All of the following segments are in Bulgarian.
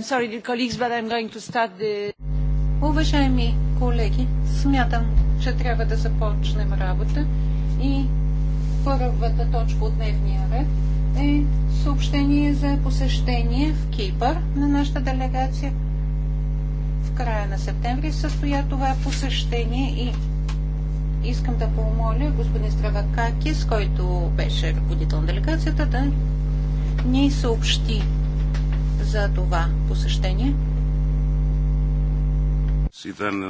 Sorry, the... Уважаеми колеги, смятам, че трябва да започнем работа и първата точка от дневния ред е съобщение за посещение в Кипър на нашата делегация в края на септември. Състоя това посещение и искам да помоля господин Стравакакис, който беше ръководител на делегацията, да ни съобщи за това посещение. Ήταν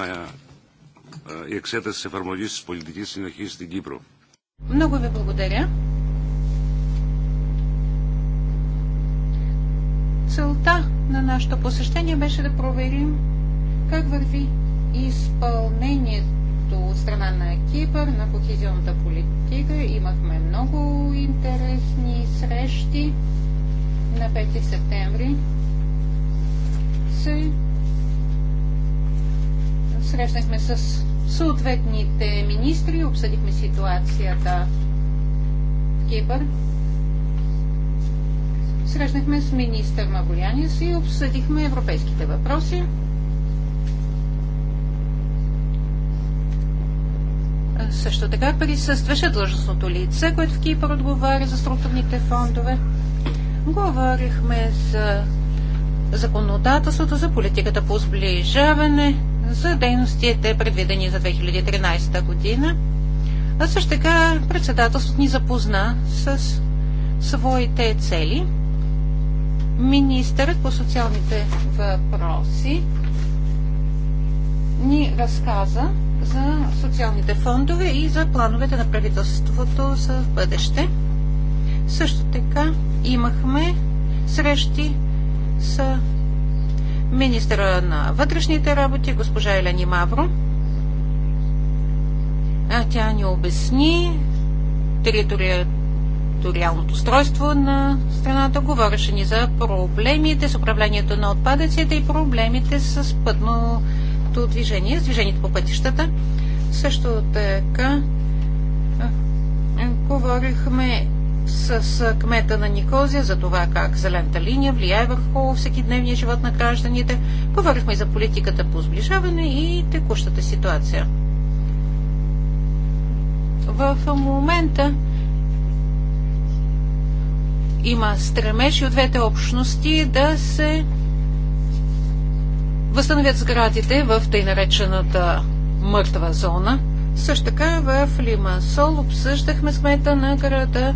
η εξέταση της εφαρμογής της πολιτικής συνοχής στην Κύπρο. Много ви благодаря. Целта на нашето посещение беше да проверим как върви изпълнението от страна на Кипър на кохезионната политика. Имахме много интересни срещи на 5 септември. Се срещнахме с съответните министри, обсъдихме ситуацията в Кипър срещнахме с министър си и обсъдихме европейските въпроси. Също така присъстваше длъжностното лице, което в Кипър отговаря за структурните фондове. Говорихме за законодателството, за политиката по сближаване, за дейностите, предвидени за 2013 година. А също така председателството ни запозна с своите цели – Министърът по социалните въпроси ни разказа за социалните фондове и за плановете на правителството за бъдеще. Също така имахме срещи с министъра на вътрешните работи, госпожа Елени Мавро. А тя ни обясни територията териториалното устройство на страната. Говореше ни за проблемите с управлението на отпадъците и проблемите с пътното движение, с движението по пътищата. Също така говорихме с, кмета на Никозия за това как зелената линия влияе върху всекидневния живот на гражданите. Говорихме и за политиката по сближаване и текущата ситуация. В момента има стремеж и от двете общности да се възстановят сградите в тъй наречената мъртва зона. Също така в Лимасол обсъждахме смета на града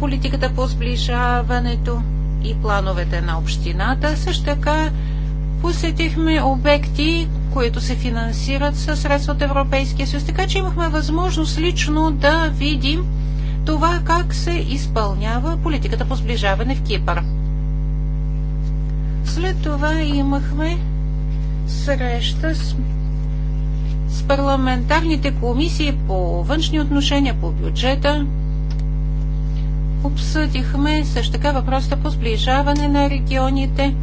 политиката по сближаването и плановете на общината. Също така посетихме обекти, които се финансират със средства от Европейския съюз, така че имахме възможност лично да видим това как се изпълнява политиката по сближаване в Кипър. След това имахме среща с, с парламентарните комисии по външни отношения, по бюджета. Обсъдихме също така въпроса по сближаване на регионите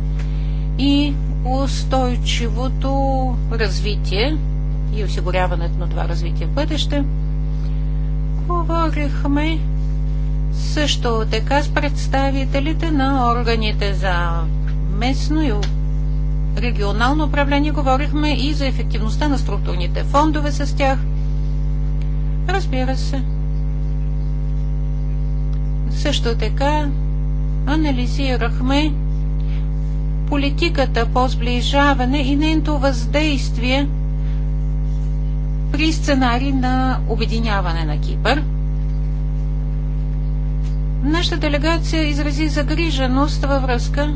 и устойчивото развитие и осигуряването на това развитие в бъдеще. Говорихме също така с представителите на органите за местно и регионално управление. Говорихме и за ефективността на структурните фондове с тях. Разбира се. Също така анализирахме политиката по сближаване и нейното въздействие – при сценарий на обединяване на Кипър. Нашата делегация изрази загриженост във връзка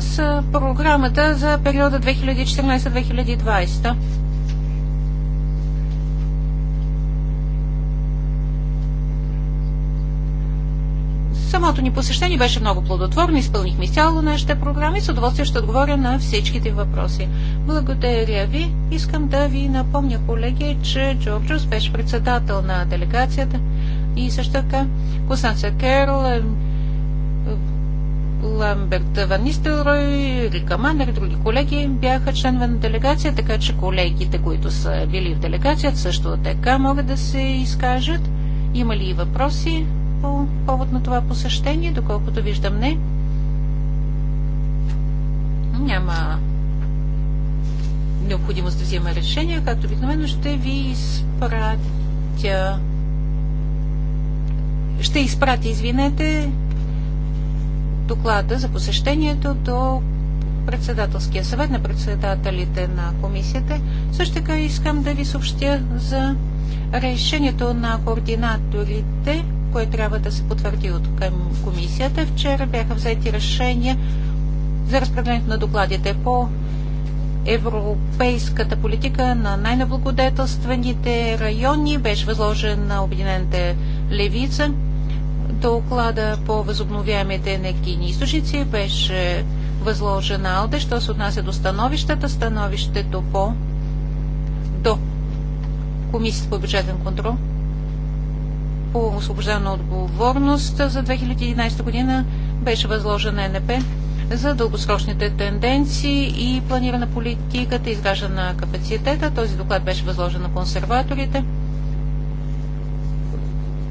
с програмата за периода 2014-2020. Самото ни посещение беше много плодотворно, изпълнихме изцяло нашите програми, и с удоволствие ще отговоря на всичките въпроси. Благодаря ви. Искам да ви напомня, колеги, че Джорджус беше председател на делегацията и също така Косанца Керл, е, е, Ламберт Ван Нистелрой, Рика Манер и други колеги бяха членове на делегация, така че колегите, които са били в делегацията, също така могат да се изкажат. Има ли и въпроси? по повод на това посещение? Доколкото виждам, не. Няма необходимост да взема решение. Както обикновено ще ви изпратя ще изпрати, извинете, доклада за посещението до председателския съвет на председателите на комисията. Също така искам да ви съобщя за решението на координаторите което трябва да се потвърди от към комисията. Вчера бяха взети решения за разпределението на докладите по европейската политика на най-наблагодетелстваните райони. Беше възложен на Обединените левица. Доклада по възобновяемите енергийни източници беше възложен на АЛДЕ. Що се отнася до становищата, становището по до Комисията по бюджетен контрол по освобождаване отговорност за 2011 година беше възложена е НП за дългосрочните тенденции и планирана политиката, изграждана на капацитета. Този доклад беше възложен на консерваторите.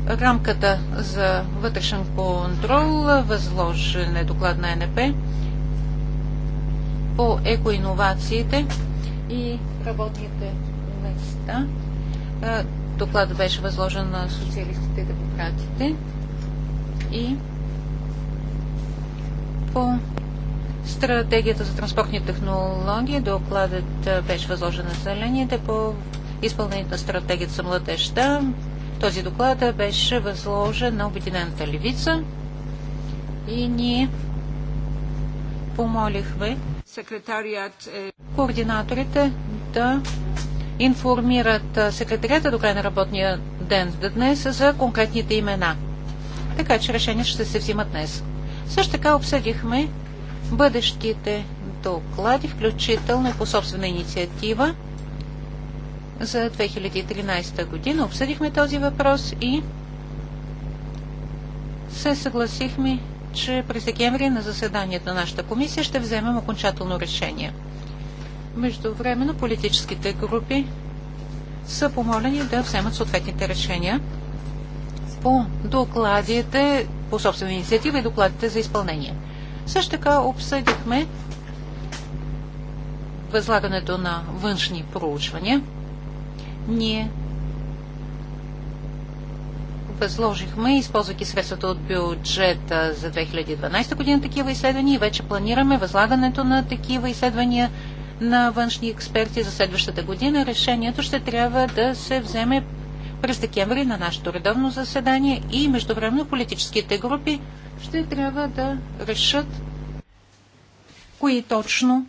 Рамката за вътрешен контрол възложен е доклад на е НП по екоинновациите и работните места. Докладът беше възложен на социалистите и демократите. И по стратегията за транспортни технологии докладът беше възложен на зелените по изпълнението на стратегията за младежта. Този доклад беше възложен на Обединената левица и ние помолихме секретарият е координаторите да информират секретарията до края на работния ден днес за конкретните имена. Така че решения ще се взимат днес. Също така обсъдихме бъдещите доклади, включително и по собствена инициатива за 2013 година. Обсъдихме този въпрос и се съгласихме, че през декември на заседанието на нашата комисия ще вземем окончателно решение. Междувременно политическите групи са помолени да вземат съответните решения по докладите по собствена инициатива и докладите за изпълнение. Също така обсъдихме възлагането на външни проучвания. Ние възложихме, използвайки средствата от бюджета за 2012 година, такива изследвания и вече планираме възлагането на такива изследвания на външни експерти за следващата година. Решението ще трябва да се вземе през декември на нашето редовно заседание и междувременно политическите групи ще трябва да решат кои точно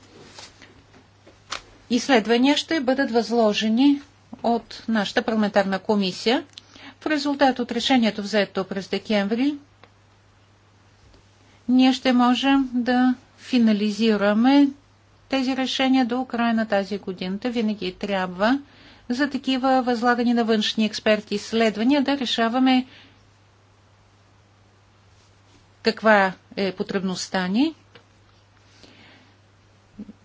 изследвания ще бъдат възложени от нашата парламентарна комисия. В резултат от решението взето през декември, ние ще можем да финализираме тези решения до края на тази година. Та винаги трябва за такива възлагани на външни експерти изследвания да решаваме каква е потребността ни.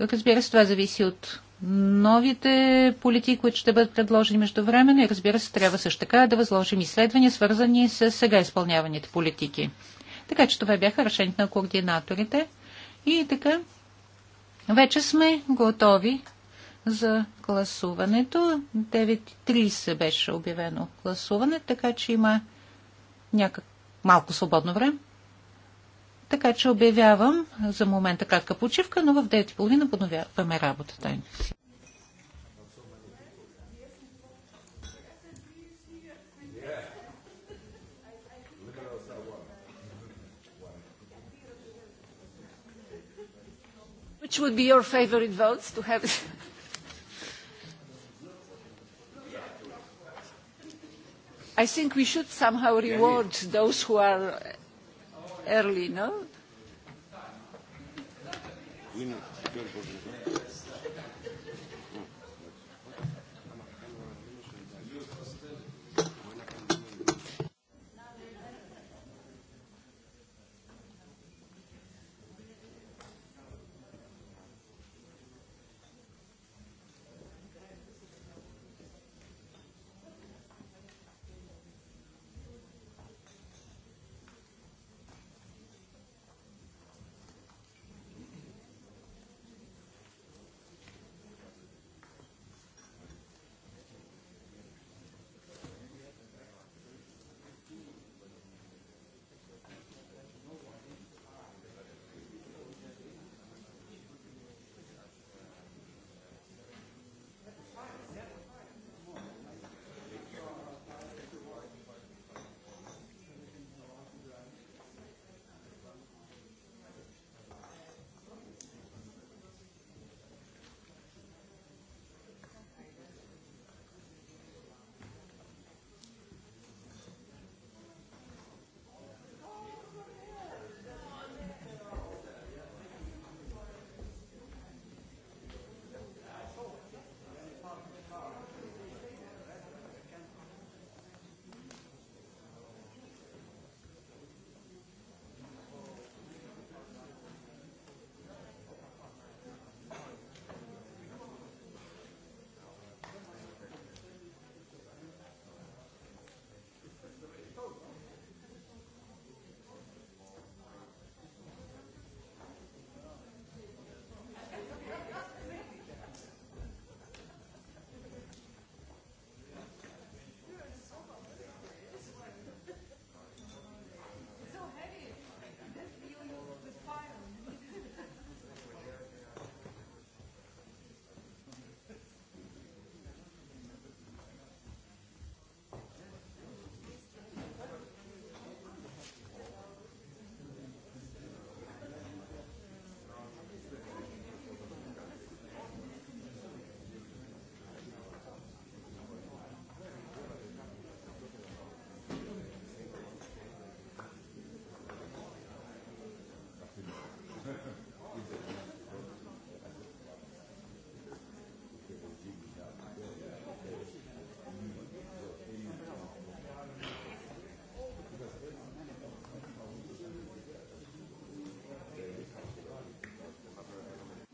Разбира се, това зависи от новите политики, които ще бъдат предложени междувременно и разбира се, трябва също така да възложим изследвания, свързани с сега изпълняваните политики. Така че това бяха решението на координаторите. И така, вече сме готови за гласуването. 9.30 беше обявено гласуване, така че има някак малко свободно време. Така че обявявам за момента кратка почивка, но в 9.30 подновяваме работата Which would be your favorite votes to have? I think we should somehow reward those who are early, no?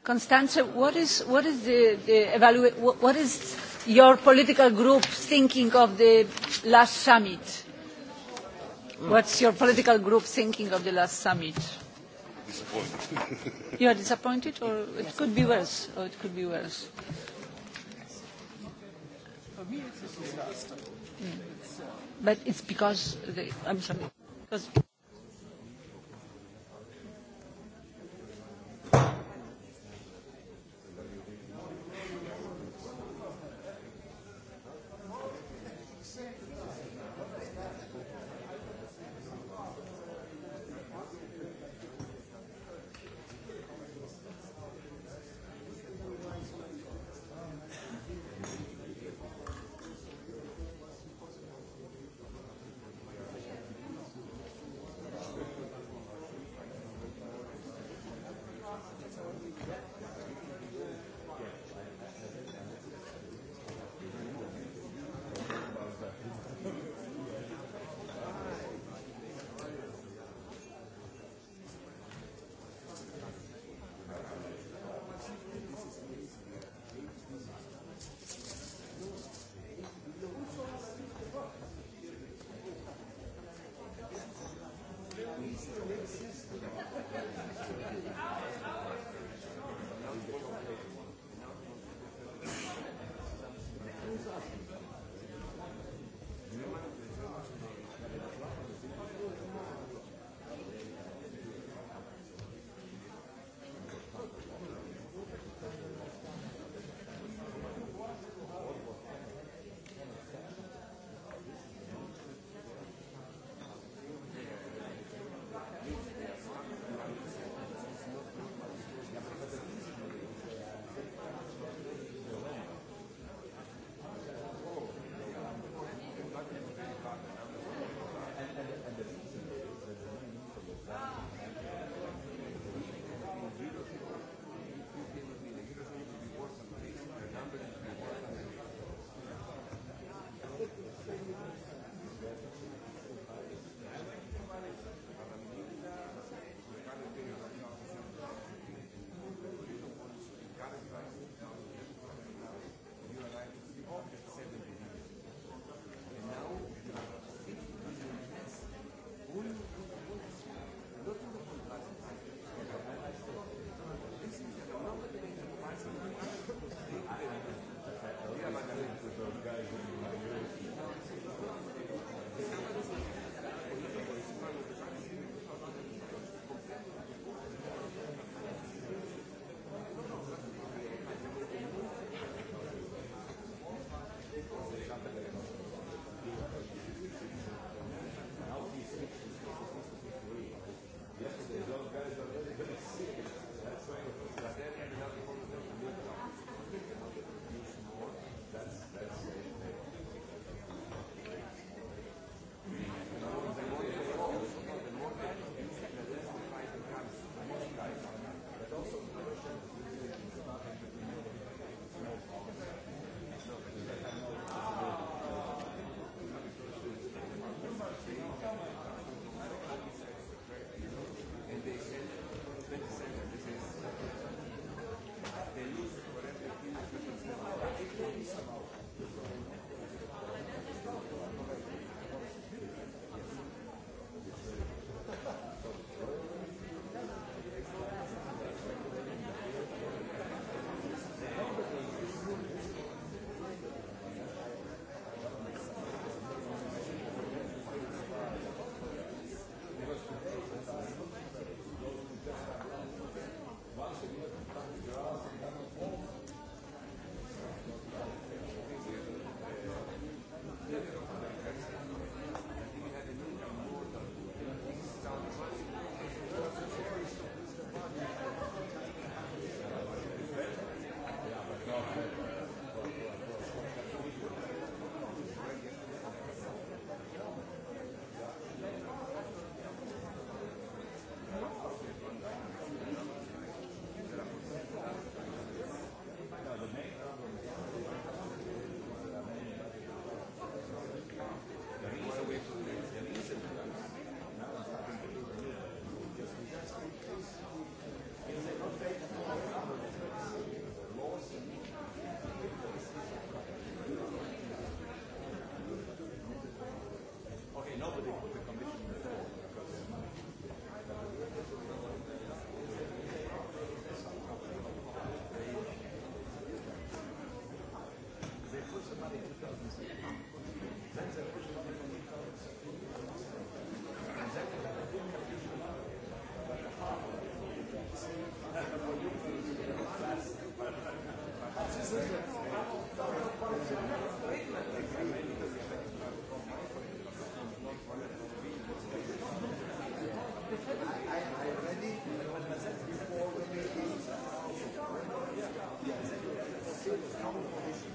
Constanze, what is, what is, the, the evaluate, what is your political group thinking of the last summit? What's your political group thinking of the last summit? Disappointed. you are disappointed, or it could be worse, or it could be worse. For me, it's a disaster. Mm. But it's because the, I'm sorry. Because Thank you.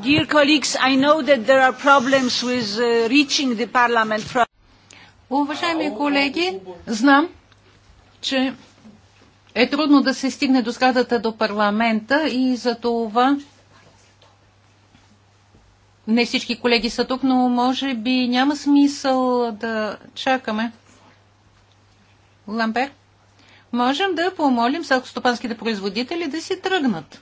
Dear colleagues, I know that there are problems with uh, reaching the parliament from... Уважаеми колеги, знам, че е трудно да се стигне до сградата до парламента и за това не всички колеги са тук, но може би няма смисъл да чакаме. Ламбер, можем да помолим селкостопанските производители да си тръгнат.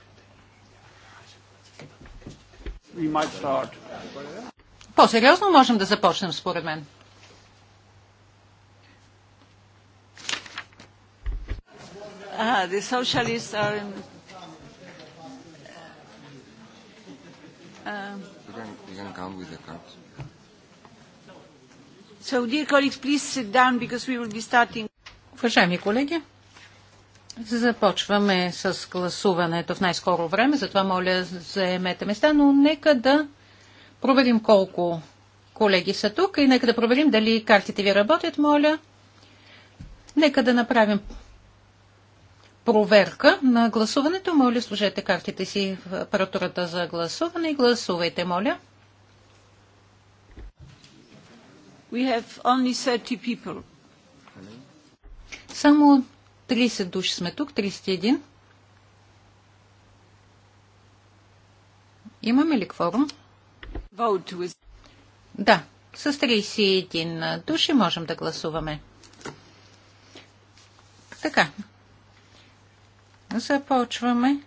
По-сериозно можем да започнем, според мен. Ah, the socialists are in... Um, you, can, you can count with the cards. So, dear colleagues, please sit down because we will be starting. Уважаеми колеги, Започваме с гласуването в най-скоро време, затова моля заемете места, но нека да проверим колко колеги са тук и нека да проверим дали картите ви работят, моля. Нека да направим проверка на гласуването. Моля, служете картите си в апаратурата за гласуване и гласувайте, моля. We have only 30 people. Само 30 души сме тук, 31. Имаме ли кворум? Да, с 31 души можем да гласуваме. Така. Започваме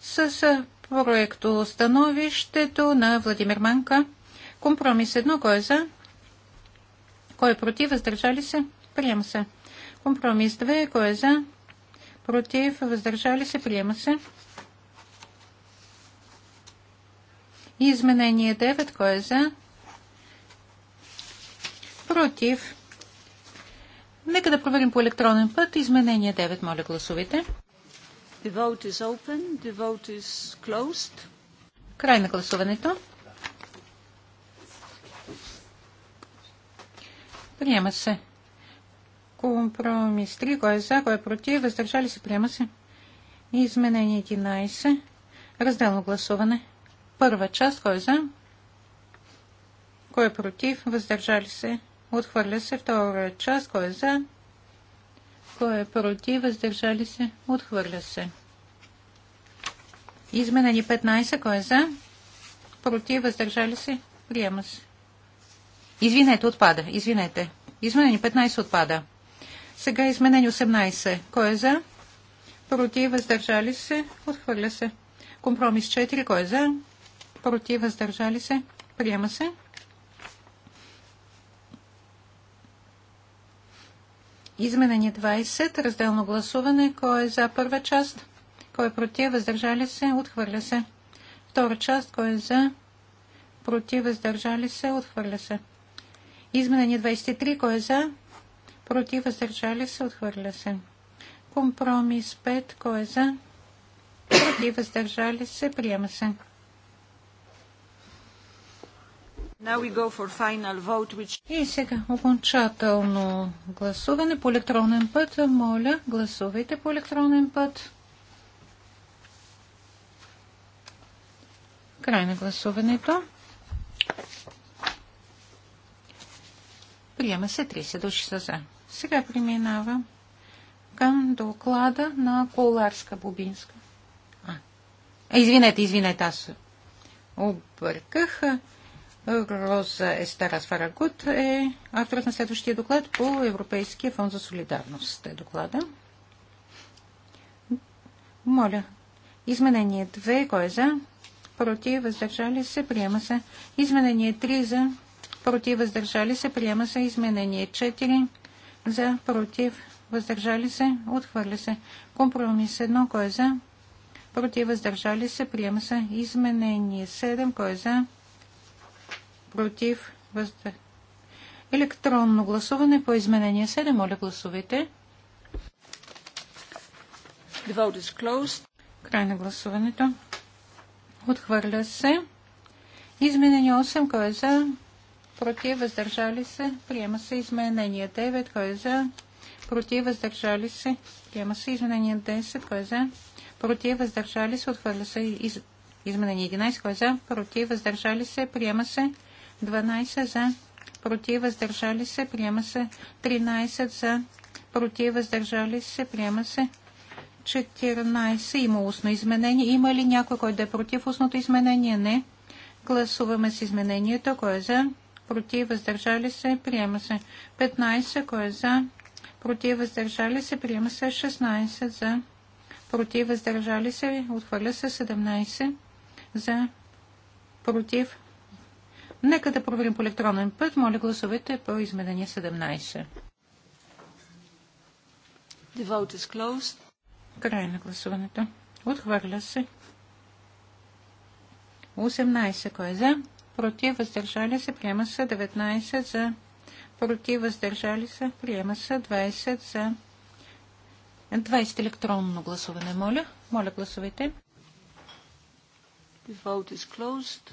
с проекто становището на Владимир Манка. Компромис едно, кой е за? Кой е против? Въздържали се? Приема се. Компромис 2. Кой е за? Против. Въздържали се. Приема се. И изменение 9. Кой е за? Против. Нека да проверим по електронен път. Изменение 9. Моля, гласувайте. The vote is open. The vote is closed. Край на гласуването. Приема се. Компромис 3. Кой е за, кой е против, въздържали се, приема се. Изменение 11. Разделно гласуване. Първа част. Кой е за? Кой е против? Въздържали се. Отхвърля се. Втора част. Кой е за? Кой е против? Въздържали се. Отхвърля се. Изменени 15. Кой е за? Против? Въздържали се. Приема се. Извинете, отпада. Извинете. Изменени 15 отпада. Сега е изменение 18. Кой е за? Против, въздържали се, отхвърля се. Компромис 4. Кой е за? Против, въздържали се, приема се. Изменение 20. Разделно гласуване. Кой е за първа част? Кой е против? Въздържали се? Отхвърля се. Втора част. Кой е за? Против? Въздържали се? Отхвърля се. Изменение 23. Кой е за? против, въздържали се, отхвърля се. Компромис 5, кой е за, против, въздържали се, приема се. Vote, which... И сега окончателно гласуване по електронен път. Моля, гласувайте по електронен път. Край на гласуването. Приема се 30 души са за. Сега преминавам към доклада на Коларска-Бубинска. А, извинете, извинете, аз обърках. Роза Естерас Фарагут е авторът на следващия доклад по Европейския фонд за солидарност. Те доклада. Моля. Изменение 2. Кой е за? Против. Въздържали се. Приема се. Изменение 3 за. Против. Въздържали се. Приема се. Изменение 4 за, против, въздържали се, отхвърля се. Компромис 1, кой е за, против, въздържали се, приема се. Изменение 7, кой е за, против, въздържали Електронно гласуване по изменение 7. Моля гласувайте. The vote is closed. Край на гласуването. Отхвърля се. Изменение 8. Кой е за? против, въздържали се, приема се изменение 9, кой е за, против, въздържали се, приема се изменение 10, кой е за, против, въздържали се, отхвърля се из... изменение 11, кой е за, против, въздържали се, приема се 12 за, против, въздържали се, приема се 13 за, против, въздържали се, приема се 14. Има устно изменение. Има ли някой, който да е против устното изменение? Не. Гласуваме с изменението. Кой е за? против, въздържали се, приема се. 15, кой е за, против, въздържали се, приема се. 16 за, против, въздържали се, отхвърля се. 17 за, против. Нека да проверим по електронен път. Моля, гласовете по изменение 17. The vote is closed. Край на гласуването. Отхвърля се. 18. Кой е за? против, въздържали се, приема се 19 за, против, въздържали се, приема се 20 за. 20 електронно гласуване, моля. Моля, гласувайте. The vote is closed.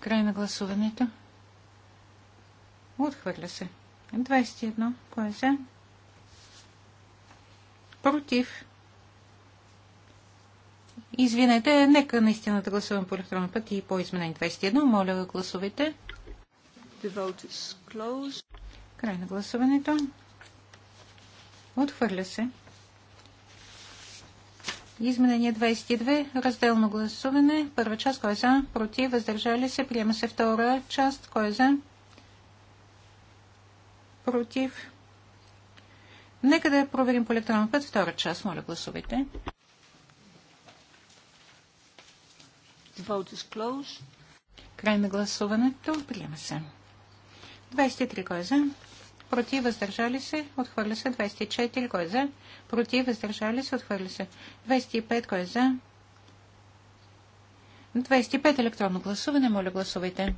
Край на гласуването. Отхвърля се. 21. Кой е за? Против. Извинете, нека наистина да гласуваме по електронен път и по изменение 21. Моля, гласувайте. Край на гласуването. Отхвърля се. Изменение 22. Разделно гласуване. Първа част. Кой е за? Против. Въздържали се. Приема се втора част. Кой е за? Против. Нека да проверим по електронен път. Втора част. Моля, гласувайте. The vote is closed. Край на гласуването. Приема се. 23 кой е за? Против въздържали се. Отхвърля се. 24 кой е за? Против въздържали се. Отхвърля се. 25 кой е за? 25 електронно гласуване. Моля гласувайте.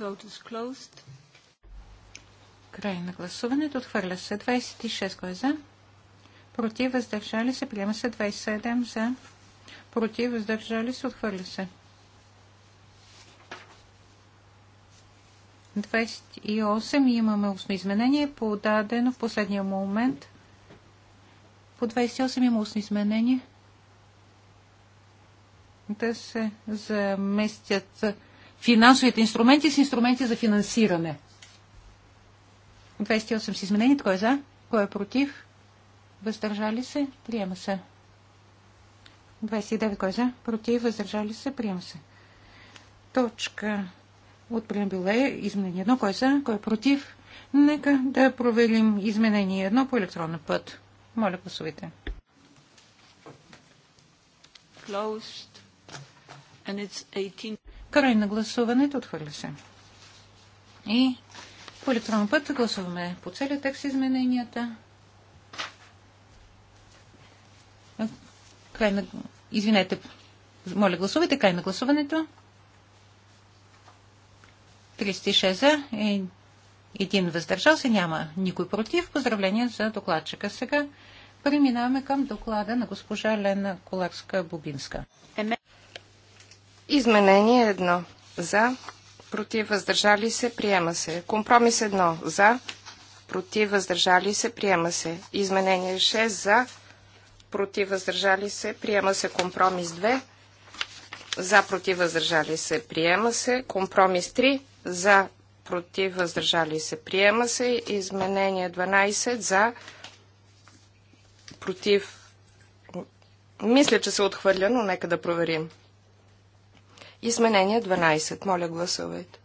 Vote is closed. Край на гласуването. Отхвърля се. 26 кой е за? против, въздържали се, приема се 27 за, против, въздържали се, отхвърля се. 28 имаме устно изменение, подадено в последния момент. По 28 има устно изменение. Да се заместят финансовите инструменти с инструменти за финансиране. 28 с изменение. Кой е за? Кой е против? въздържали се, приема се. 29 кой е за, против, въздържали се, приема се. Точка от преамбюле, изменение 1, кой е за, кой е против. Нека да проверим изменение 1 по електронен път. Моля, гласувайте. Край на гласуването отхвърля се. И по електронен път гласуваме по целия текст измененията. Край на... Извинете, моля гласувайте. Край на гласуването. 36 за, и един въздържал се, няма никой против. Поздравления за докладчика. Сега преминаваме към доклада на госпожа Лена Коларска-Бубинска. Изменение едно За, против, въздържали се, приема се. Компромис 1. За, против, въздържали се, приема се. Изменение 6. За, против, въздържали се, приема се компромис 2, за, против, въздържали се, приема се, компромис 3, за, против, въздържали се, приема се, изменение 12, за, против, мисля, че се отхвърля, но нека да проверим. Изменение 12. Моля, гласувайте.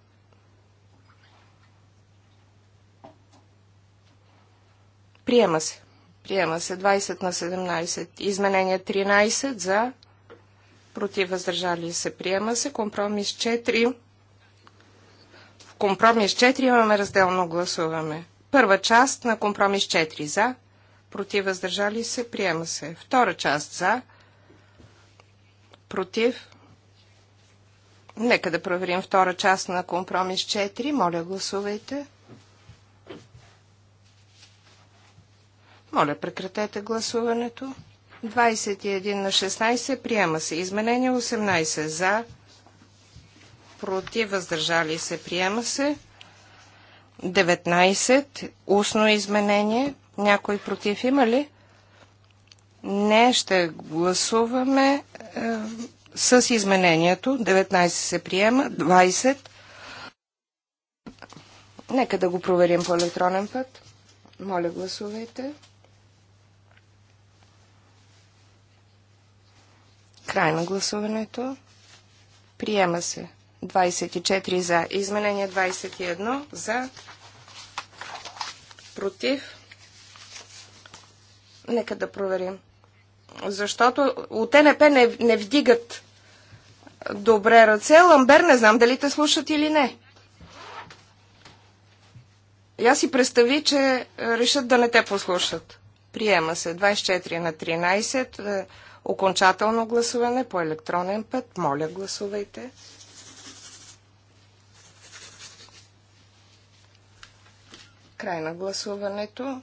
Приема се. Приема се 20 на 17. Изменение 13 за. Против въздържали се. Приема се. Компромис 4. В компромис 4 имаме разделно гласуване. Първа част на компромис 4 за. Против въздържали се. Приема се. Втора част за. Против. Нека да проверим втора част на компромис 4. Моля, гласувайте. Моля, прекратете гласуването. 21 на 16 приема се. Изменение 18 за, против, въздържали се, приема се. 19 устно изменение. Някой против има ли? Не, ще гласуваме е, с изменението. 19 се приема, 20. Нека да го проверим по електронен път. Моля, гласувайте. Край на гласуването. Приема се. 24 за. Изменение 21 за. Против. Нека да проверим. Защото от НП не, не вдигат добре ръце. Ламбер, не знам дали те слушат или не. Я си представи, че решат да не те послушат. Приема се 24 на 13. Окончателно гласуване по електронен път. Моля, гласувайте. Край на гласуването.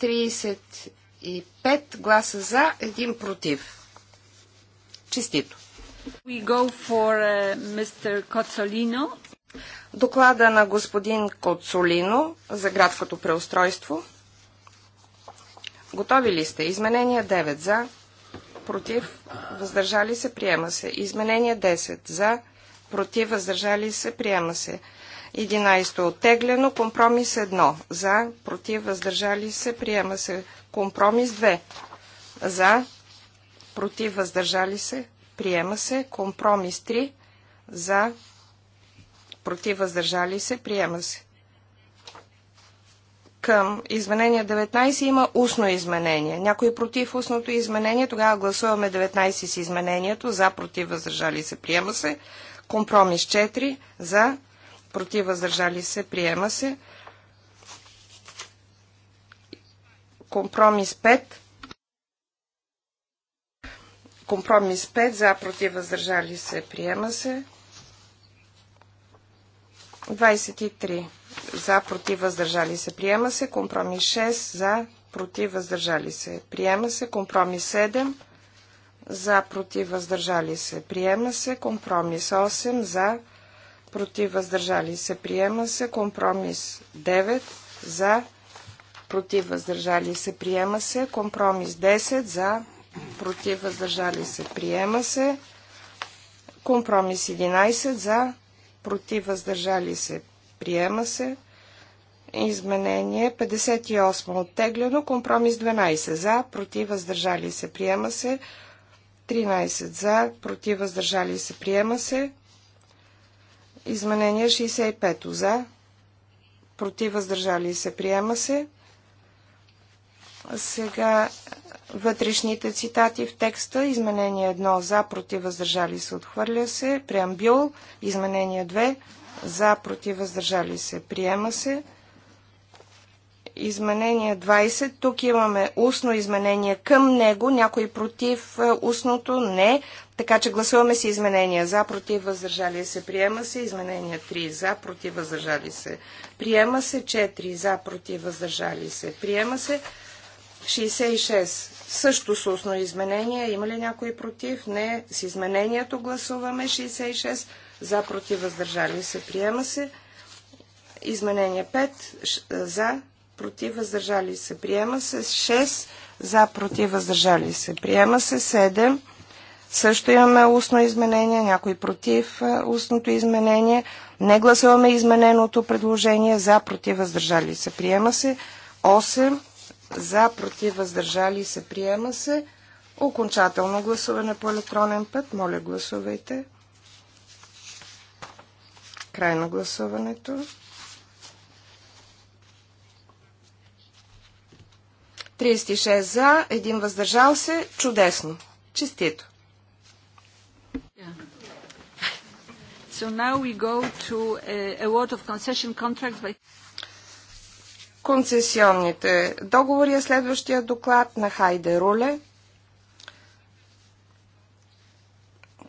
35 гласа за, 1 против. Честито. We go for uh, Mr. Cozzolino. Доклада на господин Коцолино за градското преустройство. Готови ли сте? изменения 9 за, против, въздържали се, приема се. Изменение 10 за, против, въздържали се, приема се. 11 оттеглено, компромис 1 за, против, въздържали се, приема се. Компромис 2 за, против, въздържали се, приема се. Компромис 3 за, против, въздържали се, приема се към изменение 19 има устно изменение. Някой е против устното изменение, тогава гласуваме 19 с изменението, за, против, въздържали се, приема се. Компромис 4, за, против, въздържали се, приема се. Компромис 5, компромис 5, за, против, въздържали се, приема се. 23. За, против, въздържали се. Приема се. Компромис 6. За, против, въздържали се. Приема се. Компромис 7. За, против, въздържали се. Приема се. Компромис 8. За, против, въздържали се. Приема се. Компромис 9. За, против, въздържали се. Приема се. Компромис 10. За, против, въздържали се. Приема се. Компромис 11. За, против, въздържали се, приема се. Изменение 58 оттеглено, компромис 12 за, против, въздържали се, приема се. 13 за, против, въздържали се, приема се. Изменение 65 за, против, въздържали се, приема се. Сега вътрешните цитати в текста. Изменение 1 за, против, въздържали се, отхвърля се. Преамбюл. Изменение 2 за, против, въздържали се, приема се. Изменение 20. Тук имаме устно изменение към него. Някой против е, устното? Не. Така че гласуваме си изменения за, против, въздържали се, приема се. Изменение 3 за, против, въздържали се, приема се. 4 за, против, въздържали се, приема се. 66 също с устно изменение. Има ли някой против? Не. С изменението гласуваме 66. За, против, въздържали се. Приема се. Изменение 5. Е, за, против, въздържали се. Приема се. 6. За, против, въздържали се. Приема се. 7. Също имаме устно изменение. Някой против е, устното изменение. Не гласуваме измененото предложение. За, против, въздържали се. Приема се. 8 за, против, въздържали се, приема се. Окончателно гласуване по електронен път. Моля, гласувайте. Край на гласуването. 36 за, един въздържал се. Чудесно. Честито. So now we go to uh, a of concession by... Концесионните договори е следващия доклад на Хайде Руле.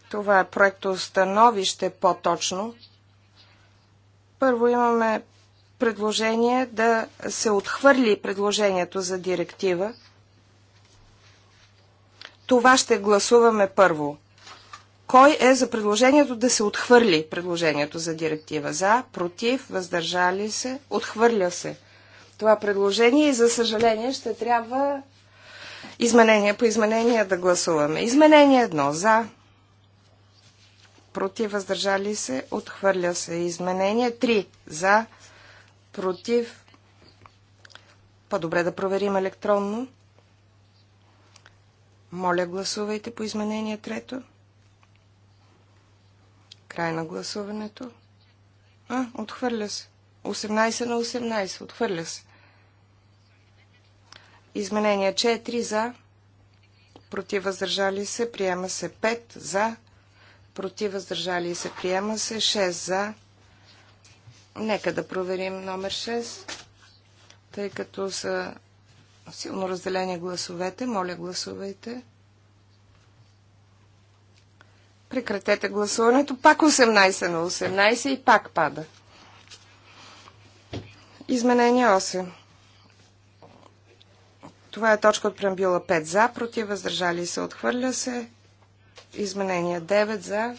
Това е проекто становище по-точно. Първо имаме предложение да се отхвърли предложението за директива. Това ще гласуваме първо. Кой е за предложението да се отхвърли предложението за директива? За, против, въздържали се, отхвърля се това предложение и за съжаление ще трябва изменение по изменение да гласуваме. Изменение едно за, против, въздържали се, отхвърля се. Изменение 3 за, против, по-добре да проверим електронно. Моля, гласувайте по изменение трето. Край на гласуването. А, отхвърля се. 18 на 18. Отхвърля се. Изменение 4 за. Против въздържали се. Приема се 5 за. Против въздържали се. Приема се 6 за. Нека да проверим номер 6, тъй като са силно разделени гласовете. Моля, гласувайте. Прекратете гласуването. Пак 18 на 18 и пак пада. Изменение 8. Това е точка от преамбюла 5 за, против, въздържали се, отхвърля се. Изменение 9 за.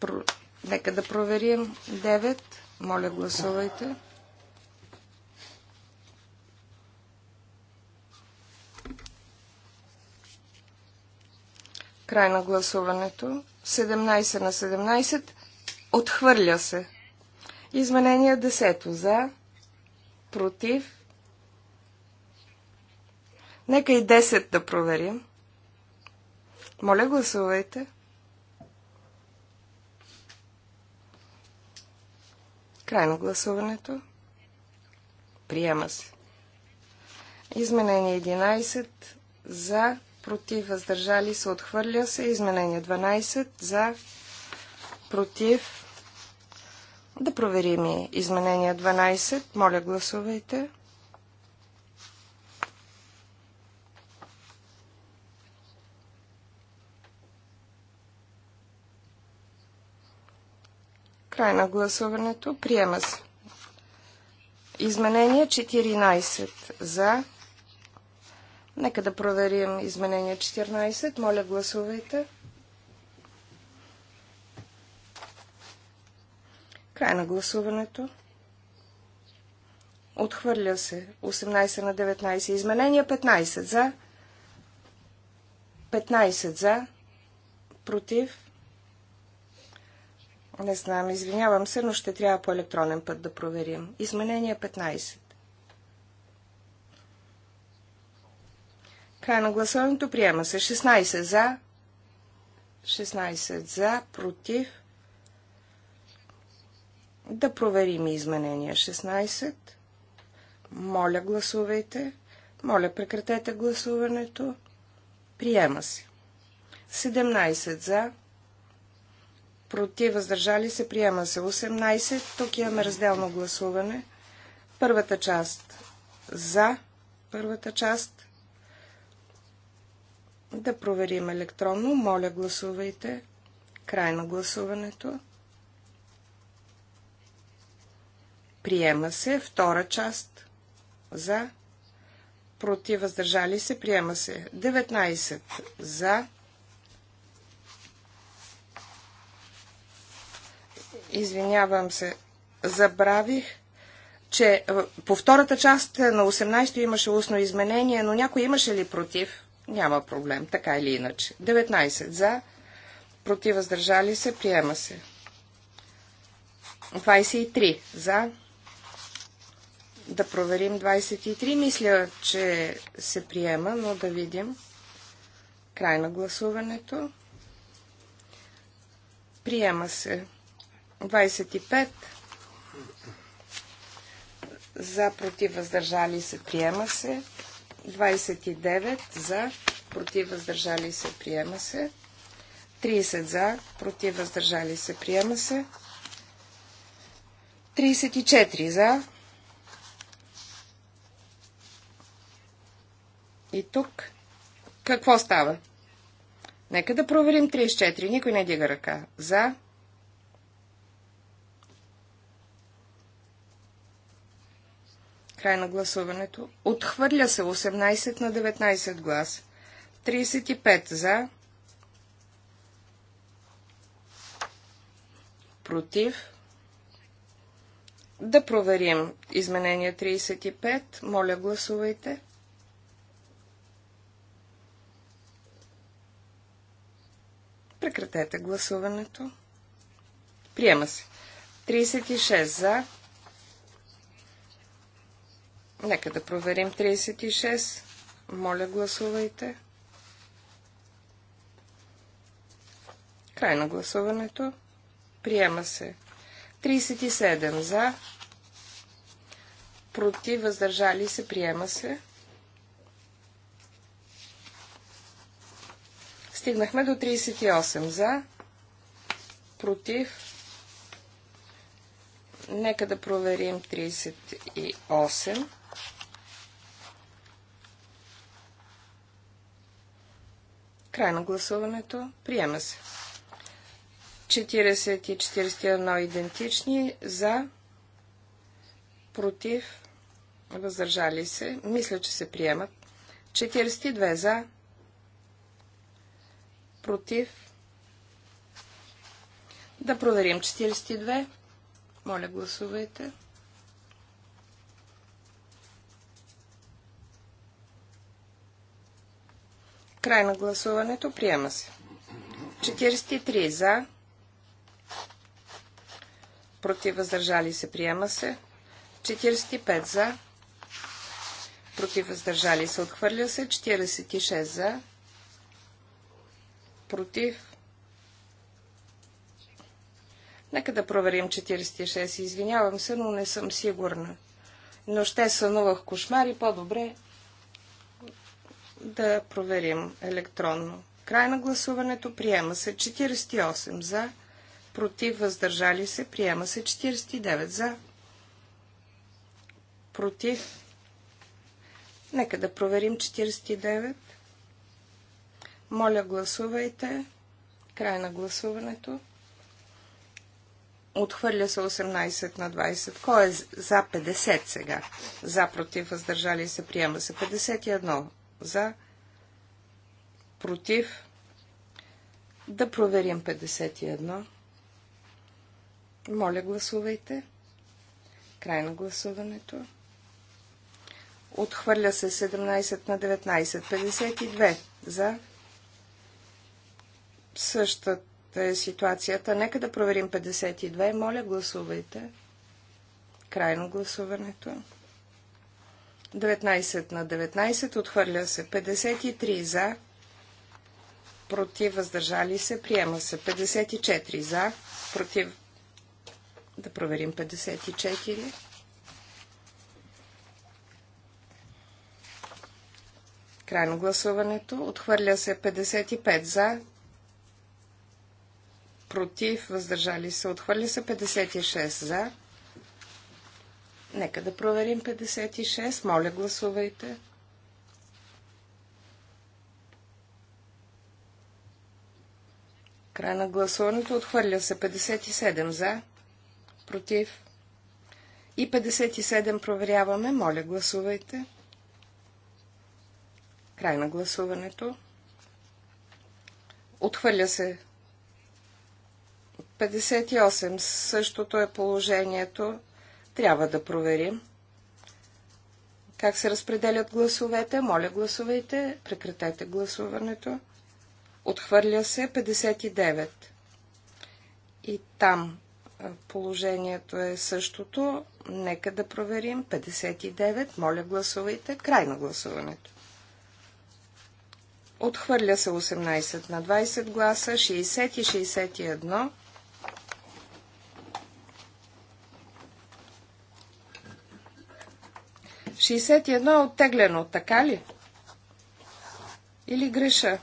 Про... Нека да проверим 9. Моля, гласувайте. Край на гласуването. 17 на 17. Отхвърля се. Изменение 10 за, против. Нека и 10 да проверим. Моля, гласувайте. Край на гласуването. Приема се. Изменение 11 за, против, въздържали се, отхвърля се. Изменение 12 за, против, да проверим и изменение 12. Моля, гласувайте. Край на гласуването. Приема се. Изменение 14 за. Нека да проверим изменение 14. Моля, гласувайте. Край на гласуването. Отхвърля се 18 на 19. Изменение 15 за. 15 за. Против. Не знам, извинявам се, но ще трябва по електронен път да проверим. Изменение 15. Край на гласуването приема се 16 за. 16 за. Против. Да проверим изменение 16. Моля, гласувайте. Моля, прекратете гласуването. Приема се. 17 за. Против, въздържали се, приема се. 18. Тук имаме разделно гласуване. Първата част за. Първата част. Да проверим електронно. Моля, гласувайте. Край на гласуването. Приема се. Втора част. За. Против. Въздържали се. Приема се. 19. За. Извинявам се. Забравих че е, по втората част на 18 имаше устно изменение, но някой имаше ли против? Няма проблем, така или иначе. 19 за, против въздържали се, приема се. 23 за, да проверим 23. Мисля, че се приема, но да видим. Край на гласуването. Приема се. 25. За против въздържали се. Приема се. 29 за, против въздържали се, приема се. 30 за, против въздържали се, приема се. 34 за, И тук какво става? Нека да проверим 34. Никой не дига ръка. За. Край на гласуването. Отхвърля се 18 на 19 глас. 35 за. Против. Да проверим изменение 35. Моля, гласувайте. Прекратете гласуването. Приема се. 36 за. Нека да проверим 36. Моля, гласувайте. Край на гласуването. Приема се. 37 за. Против, въздържали се. Приема се. Стигнахме до 38 за, против. Нека да проверим 38. Край на гласуването. Приема се. 40 и 41 идентични. За. Против. Въздържали се. Мисля, че се приемат. 42 за против. Да проверим 42. Моля, гласувайте. Край на гласуването. Приема се. 43 за. Против въздържали се. Приема се. 45 за. Против въздържали се. Отхвърля се. 46 за против. Нека да проверим 46. Извинявам се, но не съм сигурна. Но ще сънувах кошмари, по-добре да проверим електронно. Край на гласуването приема се 48 за, против въздържали се приема се 49 за, против. Нека да проверим 49. Моля, гласувайте. Край на гласуването. Отхвърля се 18 на 20. Кой е за 50 сега? За, против, въздържали се, приема се. 51 за, против. Да проверим 51. Моля, гласувайте. Край на гласуването. Отхвърля се 17 на 19. 52 за, Същата е ситуацията. Нека да проверим 52. Моля, гласувайте. Крайно гласуването. 19 на 19. Отхвърля се. 53 за. Против. Въздържали се. Приема се. 54 за. Против. Да проверим 54. Крайно гласуването. Отхвърля се 55 за, против, въздържали се, отхвърля се 56 за. Нека да проверим 56. Моля, гласувайте. Край на гласуването отхвърля се 57 за, против и 57 проверяваме. Моля, гласувайте. Край на гласуването. Отхвърля се 58. Същото е положението. Трябва да проверим. Как се разпределят гласовете? Моля, гласувайте. Прекратете гласуването. Отхвърля се 59. И там положението е същото. Нека да проверим. 59. Моля, гласувайте. Край на гласуването. Отхвърля се 18 на 20 гласа, 60 и 61. 61 е оттеглено, така ли? Или греша?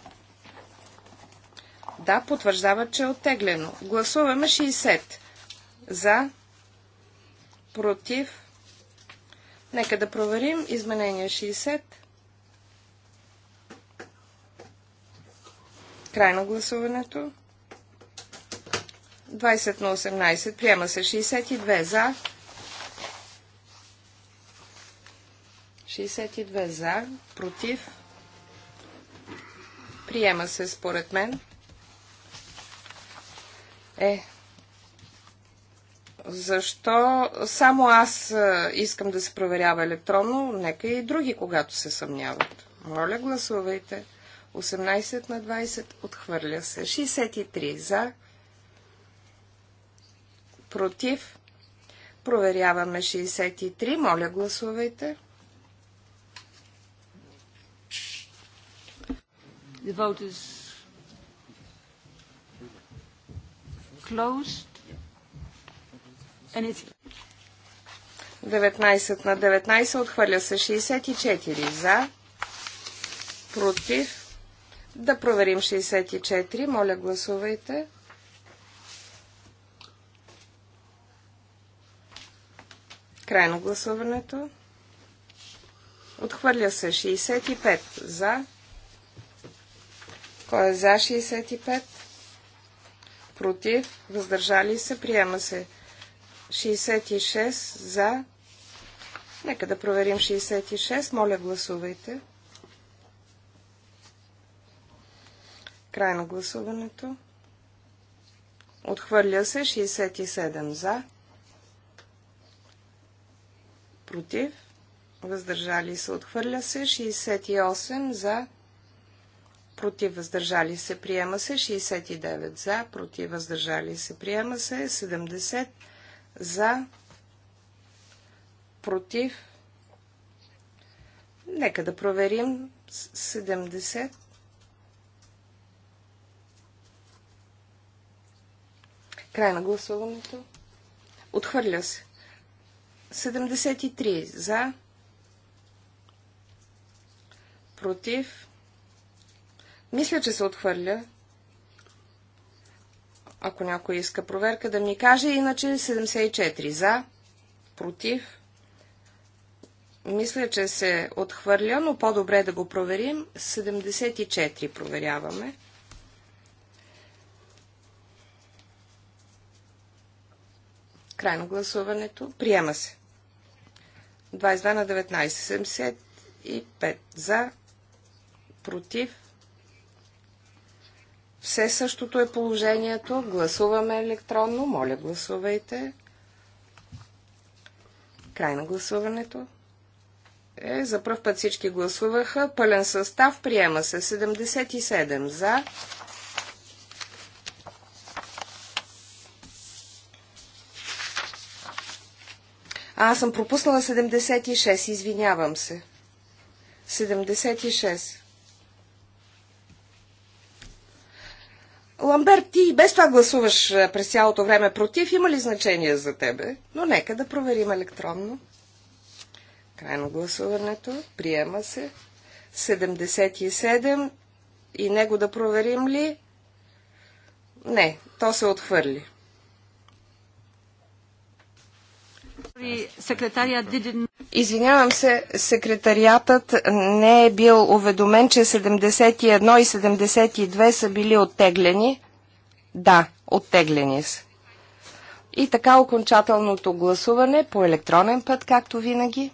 Да, потвърждава, че е оттеглено. Гласуваме 60. За. Против. Нека да проверим. Изменение 60. Край на гласуването. 20 на 18. Приема се 62 за. 62 за, против. Приема се според мен. Е, защо само аз искам да се проверява електронно, нека и други, когато се съмняват. Моля, гласувайте. 18 на 20 отхвърля се. 63 за, против. Проверяваме 63. Моля, гласувайте. The vote is closed. it's 19 на 19 отхвърля се 64 за, против. Да проверим 64. Моля, гласувайте. Край на гласуването. Отхвърля се 65 за, кой е за 65? Против? Въздържали се? Приема се. 66 за. Нека да проверим 66. Моля, гласувайте. Край на гласуването. Отхвърля се 67 за. Против. Въздържали се. Отхвърля се 68 за против въздържали се, приема се, 69 за, против въздържали се, приема се, 70 за, против. Нека да проверим 70. Край на гласуването. Отхвърля се. 73 за, против мисля, че се отхвърля. Ако някой иска проверка, да ми каже. Иначе 74 за, против. Мисля, че се отхвърля, но по-добре да го проверим. 74 проверяваме. Край на гласуването. Приема се. 22 на 19. 75 за, против все същото е положението. Гласуваме електронно. Моля, гласувайте. Край на гласуването. Е, за първ път всички гласуваха. Пълен състав. Приема се 77 за. А, аз съм пропуснала 76. Извинявам се. 76. Ламберт, ти без това гласуваш през цялото време против. Има ли значение за тебе? Но нека да проверим електронно. Крайно гласуването. Приема се. 77. И него да проверим ли? Не, то се отхвърли. Извинявам се, секретариатът не е бил уведомен, че 71 и 72 са били оттеглени. Да, оттеглени са. И така окончателното гласуване по електронен път, както винаги.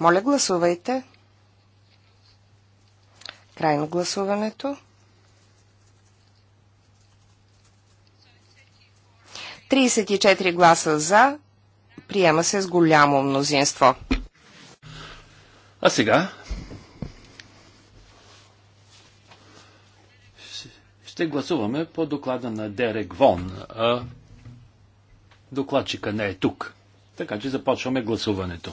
Моля, гласувайте. Край на гласуването. 34 гласа за. Приема се с голямо мнозинство. А сега ще гласуваме по доклада на Дерек Вон. А докладчика не е тук. Така че започваме гласуването.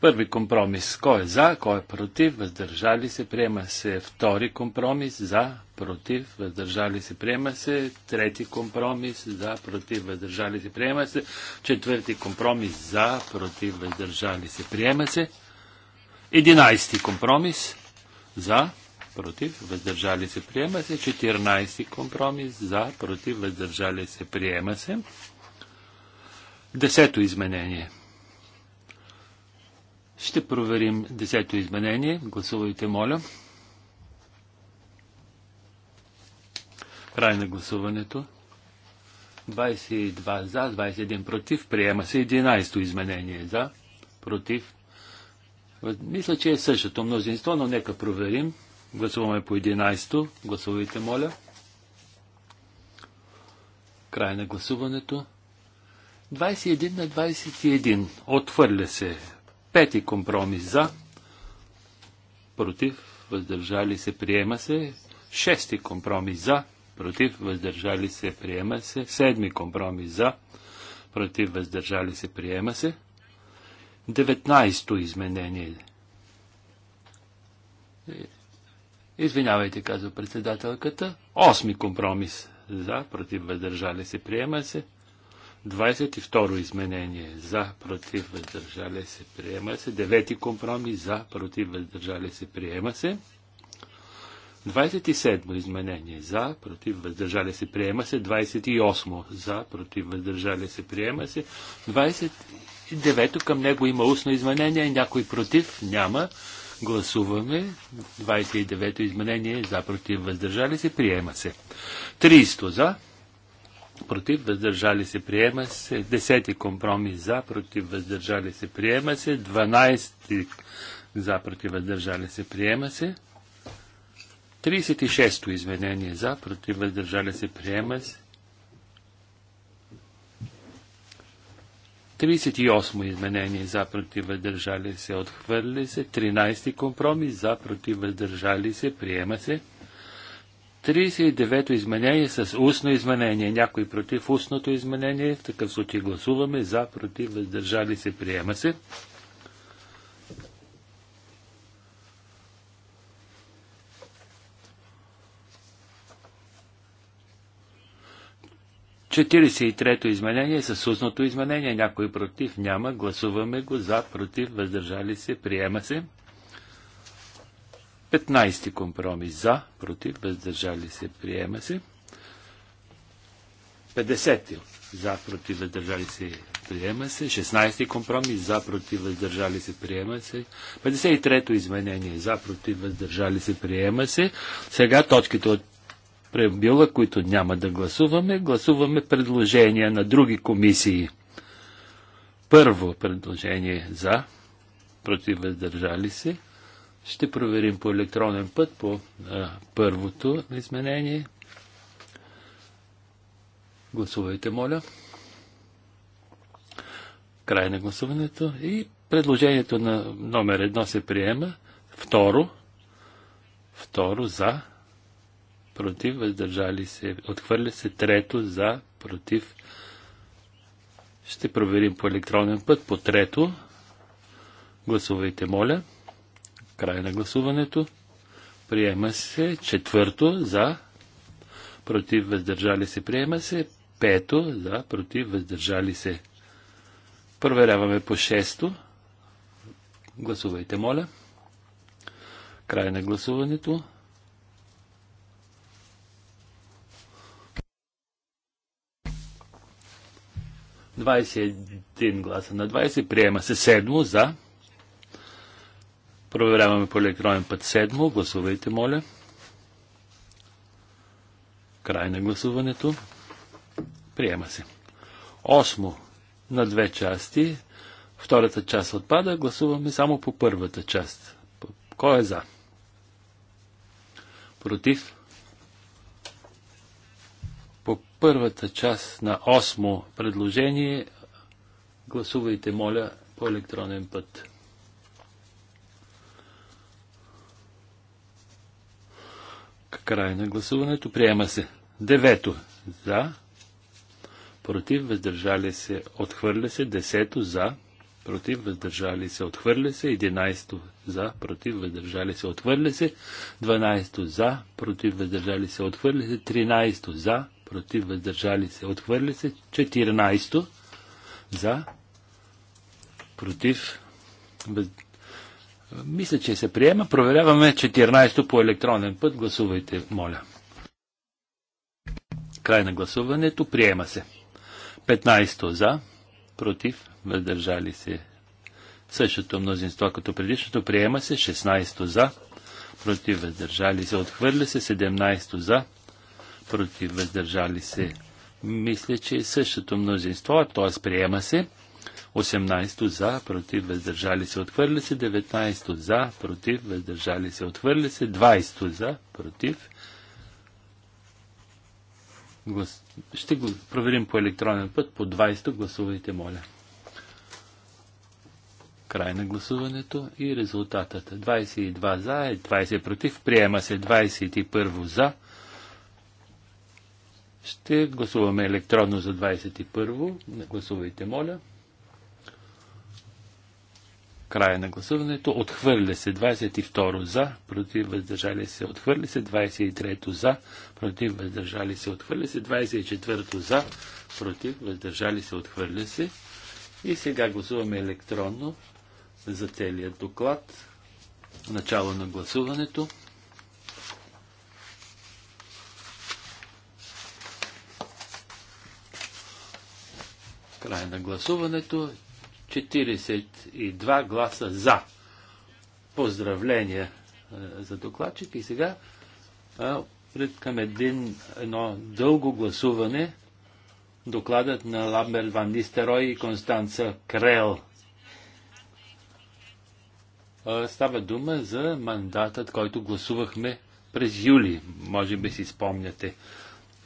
Първи компромис. Кой е за, кой е против, въздържали се, приема се. Втори компромис. За, против, въздържали се, приема се. Трети компромис, за, против, въздържали се, приема се. Четвърти компромис, за, против, въздържали се, приема се. Единайсти компромис, за, против, въздържали се, приема се. Четирнайсти компромис, за, против, въздържали се, приема се. Десето изменение. Ще проверим десето изменение. Гласувайте, моля. Край на гласуването. 22 за, 21 против. Приема се 11-то изменение за, против. Мисля, че е същото мнозинство, но нека проверим. Гласуваме по 11-то. Гласувайте, моля. Край на гласуването. 21 на 21. Отвърля се. Пети компромис за. Против. Въздържали се. Приема се. Шести компромис за против, въздържали се, приема се. Седми компромис за, против, въздържали се, приема се. Деветнайсто изменение. Извинявайте, казва председателката. Осми компромис за, против, въздържали се, приема се. 22 изменение за, против, въздържали се, приема се. Девети компромис за, против, въздържали се, приема се. 27 изменение за, против, въздържали се, приема се. 28 за, против, въздържали се, приема се. 29 към него има устно изменение, някой против, няма. Гласуваме. 29 изменение за, против, въздържали се, приема се. 300 за, против, въздържали се, приема се. 10 компромис за, против, въздържали се, приема се. 12 за, против, въздържали се, приема се. 36-то изменение за, против, въздържали се, приема се. 38-о изменение за против въздържали се отхвърли се. 13-ти компромис за против въздържали се приема се. 39-то изменение с устно изменение. Някой против устното изменение. В такъв случай гласуваме за против въздържали се приема се. 43-то изменение е с устното изменение. Някой против няма. Гласуваме го за, против, въздържали се, приема се. 15 компромис за, против, въздържали се, приема се. 50 за, против, въздържали се, приема се. 16 компромис за, против, въздържали се, приема се. 53-то изменение за, против, въздържали се, приема се. Сега точките от преамбюла, които няма да гласуваме. Гласуваме предложения на други комисии. Първо предложение за, против въздържали се. Ще проверим по електронен път по а, първото изменение. Гласувайте, моля. Край на гласуването и предложението на номер едно се приема. Второ, второ за, против, въздържали се, отхвърля се. Трето за, против. Ще проверим по електронен път. По трето. Гласувайте, моля. Край на гласуването. Приема се. Четвърто за, против, въздържали се. Приема се. Пето за, против, въздържали се. Проверяваме по шесто. Гласувайте, моля. Край на гласуването. 21 гласа на 20. Приема се 7 за. Проверяваме по електронен път 7. Гласувайте, моля. Край на гласуването. Приема се. 8 на две части. Втората част отпада. Гласуваме само по първата част. Кой е за? Против? По първата част на осмо предложение гласувайте, моля, по електронен път. Край на гласуването. Приема се. Девето. За. Против. Въздържали се. Отхвърля се. Десето. За. Против. Въздържали се. Отхвърля се. Единайсто. За. Против. Въздържали се. Отхвърля се. Дванайсто. За. Против. Въздържали се. Отхвърля се. Тринайсто. За против, въздържали се, отхвърли се. 14 за, против, въз... мисля, че се приема. Проверяваме 14 по електронен път. Гласувайте, моля. Край на гласуването. Приема се. 15 за, против, въздържали се. Същото мнозинство като предишното. Приема се. 16 за, против, въздържали се. Отхвърля се. 17 за, против, въздържали се. Мисля, че е същото мнозинство, т.е. приема се. 18 за, против, въздържали се, отхвърля се. 19 за, против, въздържали се, отхвърля се. 20 за, против. Глас... Ще го проверим по електронен път. По 20 гласувайте, моля. Край на гласуването и резултатът. 22 за, 20 против, приема се 21 за, ще гласуваме електронно за 21. во Гласувайте, моля. Края на гласуването. Отхвърля се 22 за, против въздържали се. Отхвърля се 23 за, против въздържали се. Отхвърля се 24 за, против въздържали се. Отхвърля се. И сега гласуваме електронно за целият доклад. Начало на гласуването. Край на гласуването. 42 гласа за. Поздравления е, за докладчик. И сега пред към един, едно дълго гласуване докладът на Ламбер Ван Нистерой и Констанца Крел. Става дума за мандатът, който гласувахме през юли, може би си спомняте.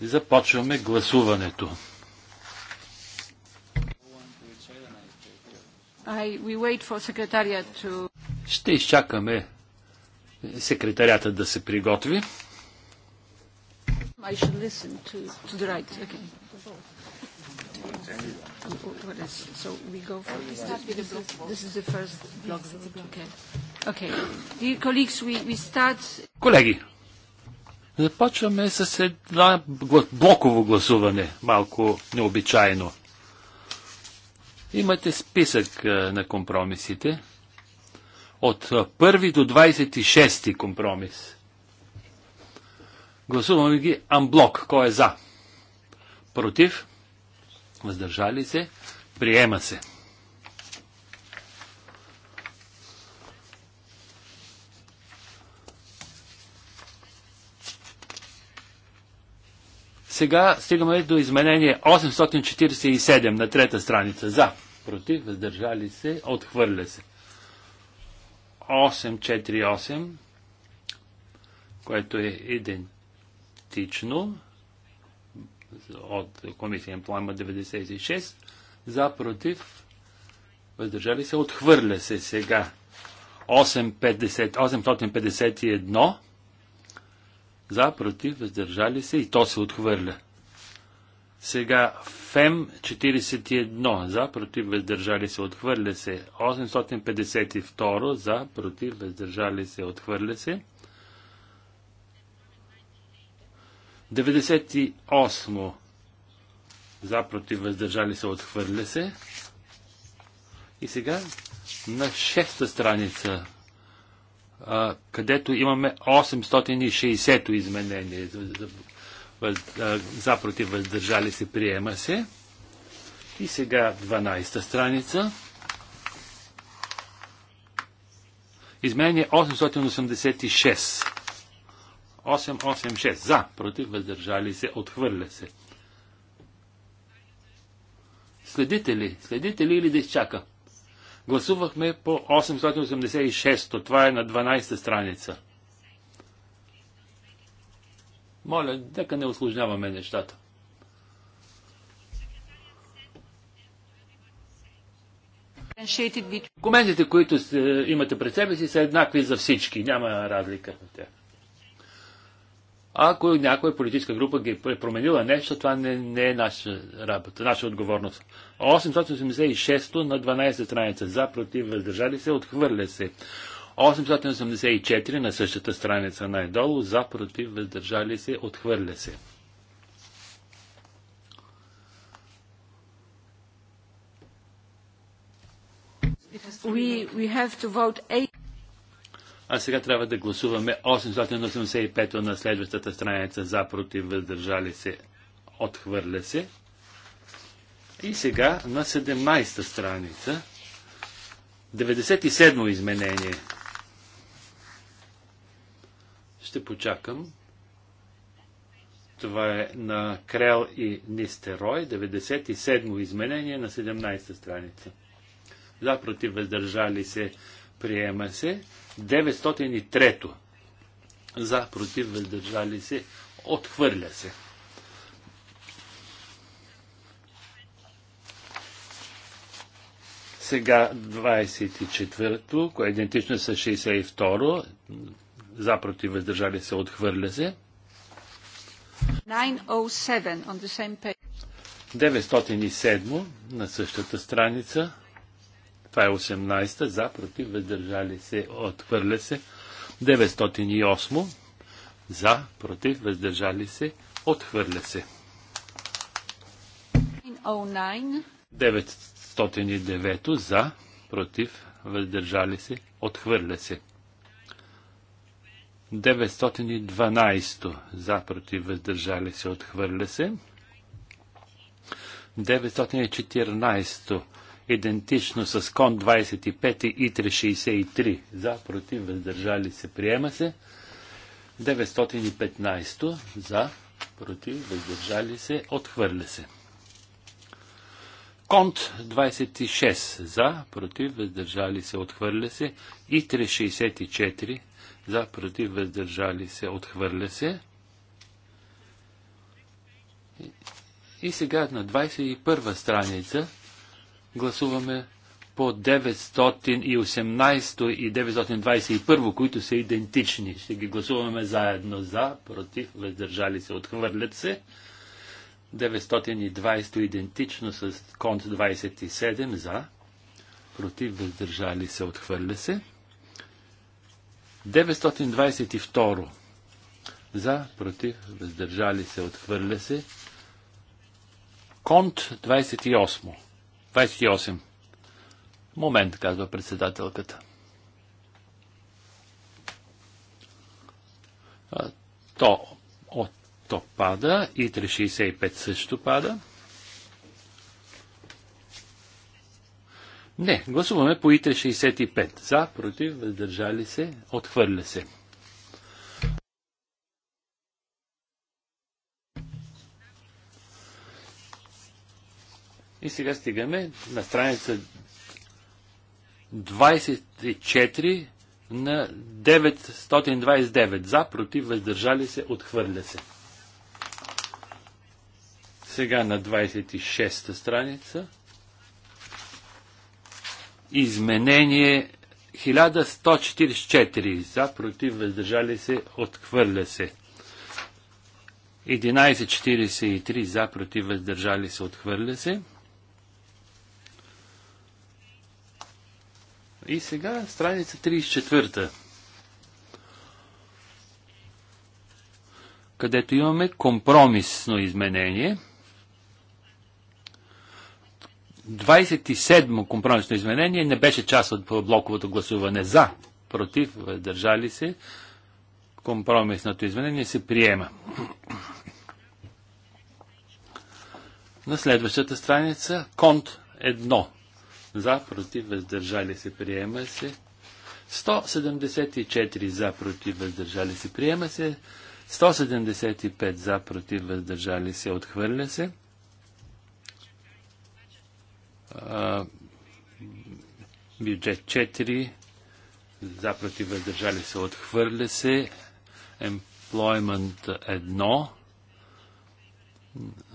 Започваме гласуването. I, to... Ще изчакаме секретарята да се приготви. I should listen to, to the right. Okay. What is, so we go for this. This is the first block. Okay. Okay. Dear colleagues, we, we start... Колеги, започваме с едно блоково гласуване, малко необичайно. Имате списък на компромисите от първи до 26 компромис. Гласуваме ги амблок. Кой е за? Против? Въздържали се? Приема се. Сега стигаме до изменение 847 на трета страница. За, против, въздържали се, отхвърля се. 848, което е идентично от комисия Плама 96, за, против, въздържали се, отхвърля се сега. 851 за, против, въздържали се и то се отхвърля. Сега ФЕМ 41 за, против, въздържали се, отхвърля се. 852 за, против, въздържали се, отхвърля се. 98 за, против, въздържали се, отхвърля се. И сега на шеста страница където имаме 860 изменение за против въздържали се, приема се. И сега 12-та страница. Изменение 886. 886. За, против, въздържали се, отхвърля се. Следите ли? Следите ли или да изчака? Гласувахме по 886-то. Това е на 12-та страница. Моля, нека не осложняваме нещата. Коментите, които имате пред себе си, са еднакви за всички. Няма разлика на тях. Ако някоя политическа група ги е променила нещо, това не, не е наша работа, наша отговорност. 886 на 12 страница. За, против, въздържали се, отхвърля се. 884 на същата страница най-долу. За, против, въздържали се, отхвърля се. We, we have to vote eight. А сега трябва да гласуваме 885 на следващата страница за против въздържали се, отхвърля се. И сега на 17-та страница 97 изменение. Ще почакам. Това е на Крел и Нистерой, 97 изменение на 17 та страница. За против въздържали се, приема се. 903. За, против, въздържали се, отхвърля се. Сега 24-то, кое е идентично с 62-ро, за против въздържали се, отхвърля се. 907 на същата страница. Това е 18 за, против, въздържали се, отхвърля се. 908 за, против, въздържали се, отхвърля се. 909 за, против, въздържали се, отхвърля се. 912 за, против, въздържали се, отхвърля се. 914 идентично с кон 25 и 363. За, против, въздържали се, приема се. 915 за, против, въздържали се, отхвърля се. Конт 26 за, против, въздържали се, отхвърля се. И 364 за, против, въздържали се, отхвърля се. И сега на 21 страница Гласуваме по 918 и 921, които са идентични. Ще ги гласуваме заедно за, против, въздържали се, отхвърлят се. 920 идентично с конт 27 за, против, въздържали се, отхвърля се. 922 за, против, въздържали се, отхвърля се. Конт 28 28. Момент, казва председателката. То, от, то пада и 365 също пада. Не, гласуваме по ит 65. За, против, въздържали се, отхвърля се. И сега стигаме на страница 24 на 929 за, против, въздържали се, отхвърля се. Сега на 26-та страница. Изменение 1144 за, против, въздържали се, отхвърля се. 1143 за, против, въздържали се, отхвърля се. И сега страница 34, където имаме компромисно изменение. 27-мо компромисно изменение не беше част от блоковото гласуване за, против, държали се. Компромисното изменение се приема. На следващата страница конт 1 за, против, въздържали се, приема се. 174 за, против, въздържали се, приема се. 175 за, против, въздържали се, отхвърля се. А, бюджет 4 за, против, въздържали се, отхвърля се. Employment 1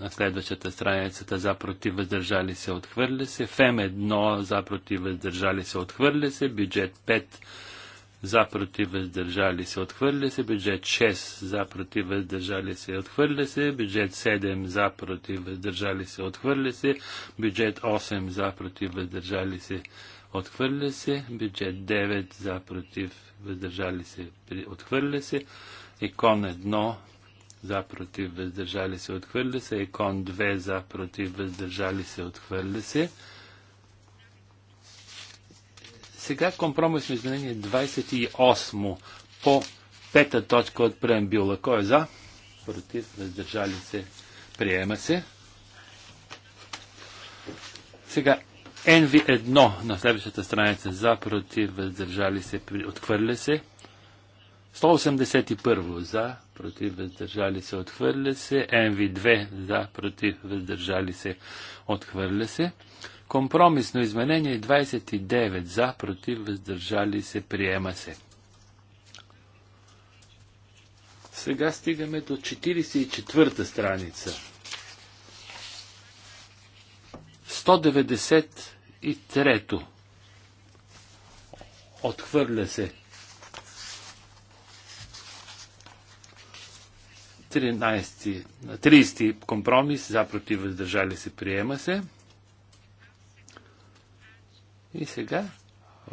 на следващата страницата за против въздържали се отхвърля се. ФЕМ 1 за против въздържали се отхвърля се. Бюджет 5 за против въздържали се отхвърля се. Бюджет 6 за против въздържали се отхвърля се. Бюджет 7 за против въздържали се отхвърля се. Бюджет 8 за против въздържали се отхвърля се. Бюджет 9 за против въздържали се отхвърля се. Икон 1 за против въздържали се отхвърля се, Икон 2 за против въздържали се отхвърля се. Сега компромисно изменение 28 по пета точка от преамбюла. Кой е за? Против въздържали се. Приема се. Сега NV1 на следващата страница за против въздържали се отхвърля се. 181 за, против, въздържали се, отхвърля се. МВ2 за, против, въздържали се, отхвърля се. Компромисно изменение 29 за, против, въздържали се, приема се. Сега стигаме до 44-та страница. 193-то. Отхвърля се. 13, 30 компромис за против въздържали се приема се. И сега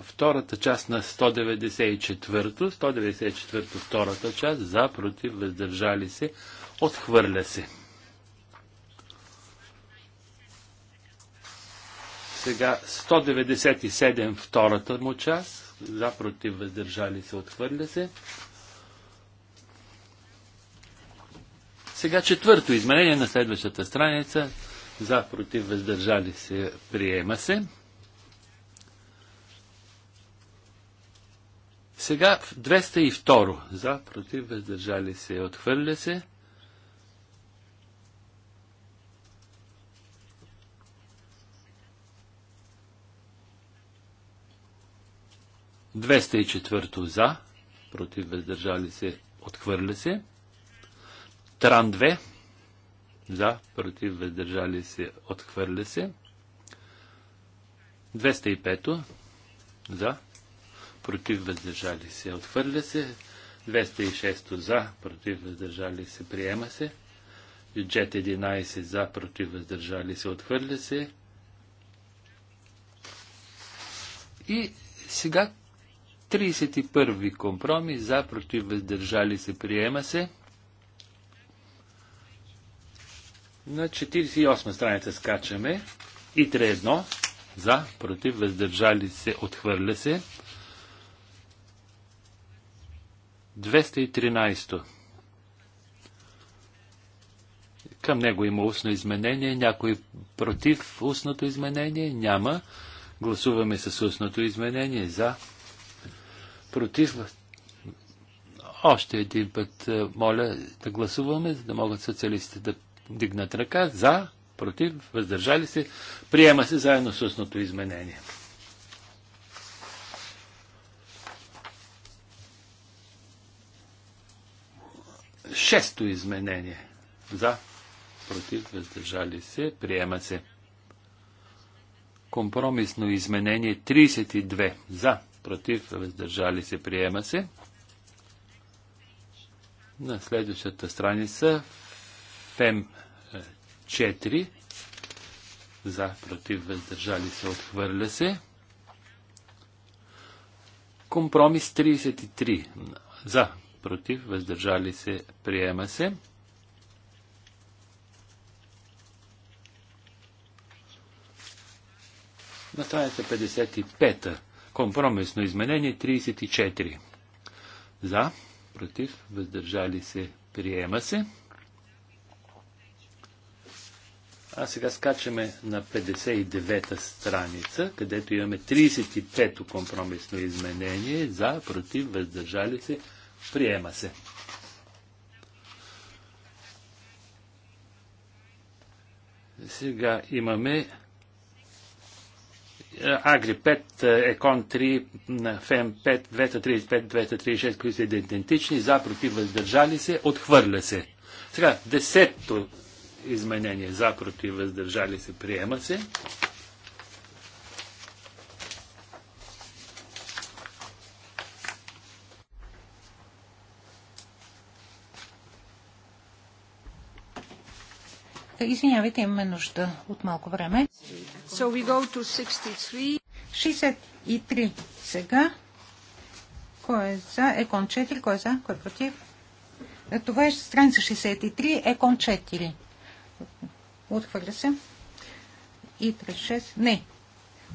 втората част на 194, 194 втората част за против въздържали се отхвърля се. Сега 197 втората му част за против въздържали се отхвърля се. Сега четвърто изменение на следващата страница. За, против, въздържали се, приема се. Сега 202. За, против, въздържали се, отхвърля се. Двеста и четвърто за, против въздържали се, отхвърля се. Тран 2. За, против, въздържали се, отхвърля се. 205. За, против, въздържали се, отхвърля се. 206 за, против, въздържали се, приема се. Бюджет 11 за, против, въздържали се, отхвърля се. И сега 31 компромис за, против, въздържали се, приема се. На 48 страница скачаме. И 3-1. За, против, въздържали се, отхвърля се. 213. Към него има устно изменение. Някой против устното изменение? Няма. Гласуваме с устното изменение. За. Против. Още един път е, моля да гласуваме, за да могат социалистите да дигнат ръка, за, против, въздържали се, приема се заедно с устното изменение. Шесто изменение. За, против, въздържали се, приема се. Компромисно изменение 32. За, против, въздържали се, приема се. На следващата страница ФЕМ 4 за, против, въздържали се, отхвърля се. Компромис 33 за, против, въздържали се, приема се. На страница 55. Компромисно изменение 34. За, против, въздържали се, приема се. А сега скачаме на 59-та страница, където имаме 35-то компромисно изменение за, против, въздържали се, приема се. Сега имаме е, Агри 5, е, Екон 3, ФМ 5, 235, 236, които са идентични, за, против, въздържали се, отхвърля се. Сега, десетто изменение за, против, въздържали се, приема се. Извинявайте, имаме нужда от малко време. So we go to 63. 63 сега. Кой е за? Екон 4. Кой е за? Кой е против? Е, това е страница 63, Екон 4. Отхвърля се. И 36. Не.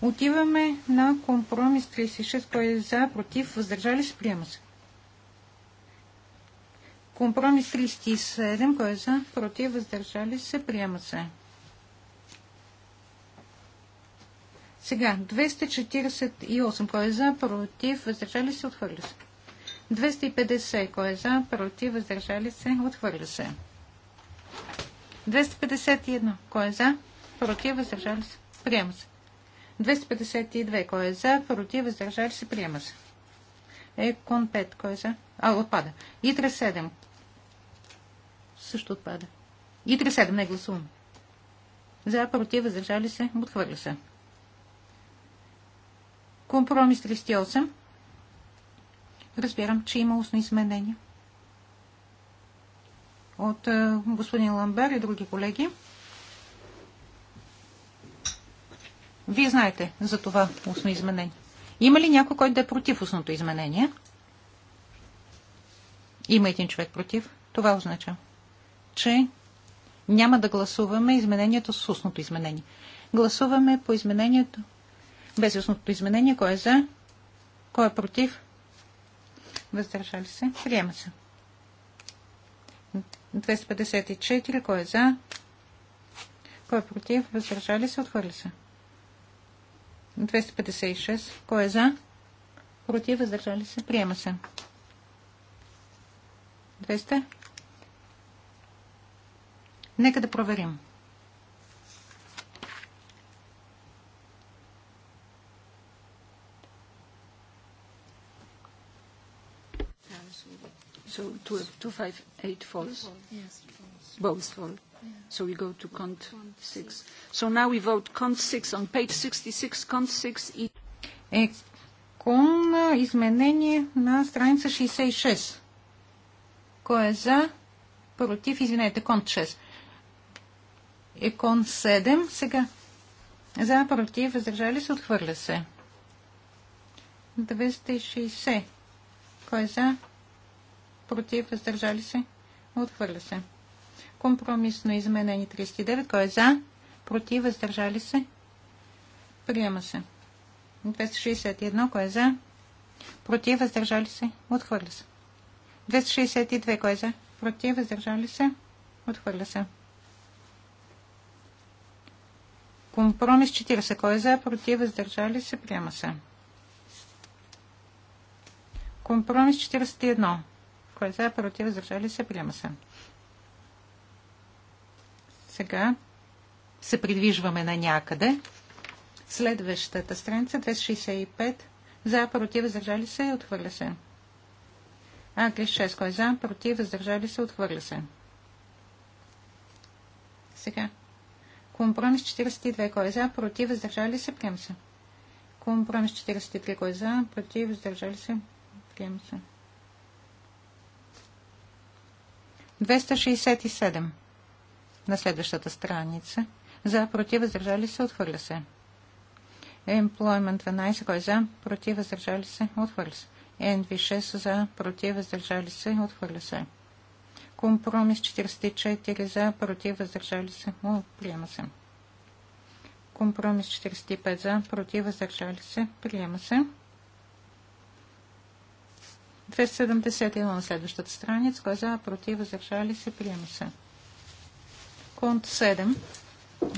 Отиваме на компромис 36. Кой е за, против, въздържали се, приема се. Компромис 37. Кой е за, против, въздържали се, приема се. Сега, 248. Кой е за, против, въздържали се, отхвърля се. 250. Кой е за, против, въздържали се, отхвърля се. 251. Кой е за? Против, въздържали се. Приема се. 252. Кой е за? Против, въздържали се. Приема се. Екон 5. Кой е за? А, отпада. Идра 7. Също отпада. Идра 7. Не гласувам. За, против, въздържали се. Отхвърля се. Компромис 38. Разбирам, че има устно изменение от е, господин Ламбер и други колеги. Вие знаете за това устно изменение. Има ли някой, който да е против устното изменение? Има един човек против. Това означава, че няма да гласуваме изменението с устното изменение. Гласуваме по изменението без устното изменение. Кой е за? Кой е против? Въздържали се? Приема се. 254. Кой е за? Кой е против? Въздържали се? Отхвърли се. 256. Кой е за? Против? Въздържали се? Приема се. 200. Нека да проверим. So two, Yes, falls. Both fall. So we go to count six. So now we vote count six on page 66, count six. Екон изменение 66. Е против, извинете, конт 6. сега. За, против, въздържали се, отхвърля се. 260. Кой е за? против, въздържали се, отхвърля се. Компромисно изменени 39. Кой е за? Против, въздържали се? Приема се. 261. Кой е за? Против, въздържали се? Отхвърля се. 262. Кой е за? Против, въздържали се? Отхвърля се. Компромис 40. Кой е за? Против, въздържали се? Приема се. Компромис 41. Кой е за? Против? Въздържали се? Приема се. Сега се придвижваме на някъде. Следващата страница, 265. За, против, въздържали се, отхвърля се. Агли 6. Кой е за? Против, въздържали се, отхвърля се. Сега. Компромис 42. Кой е за? Против, въздържали се, приема се. Компромис 43. Кой е за? Против, въздържали се, приема се. 267 на следващата страница. За, против, въздържали се, отхвърля се. Employment 12, кой е за, против, въздържали се, отхвърля се. NV6 за, против, въздържали се, отхвърля се. Компромис 44 за, против, въздържали се, О, приема се. Компромис 45 за, против, въздържали се, приема се. 271 на следващата страница. Кой е за, против, въздържали се, приема се. Конт 7.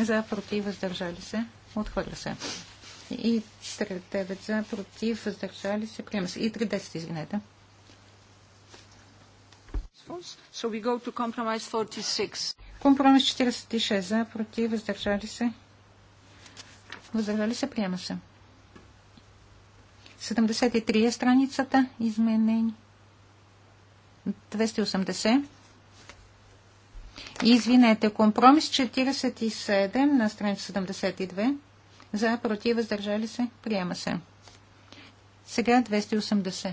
За, против, въздържали се, отхвърля се. И 39 за, против, въздържали се, приема се. И 310, извинете. So we go to compromise 46. Компромис 46 за, против, въздържали се. Въздържали се, приема се. 73 е страницата. Изменени. 280. Извинете, компромис 47 на страница 72. За, против, въздържали се, приема се. Сега 280.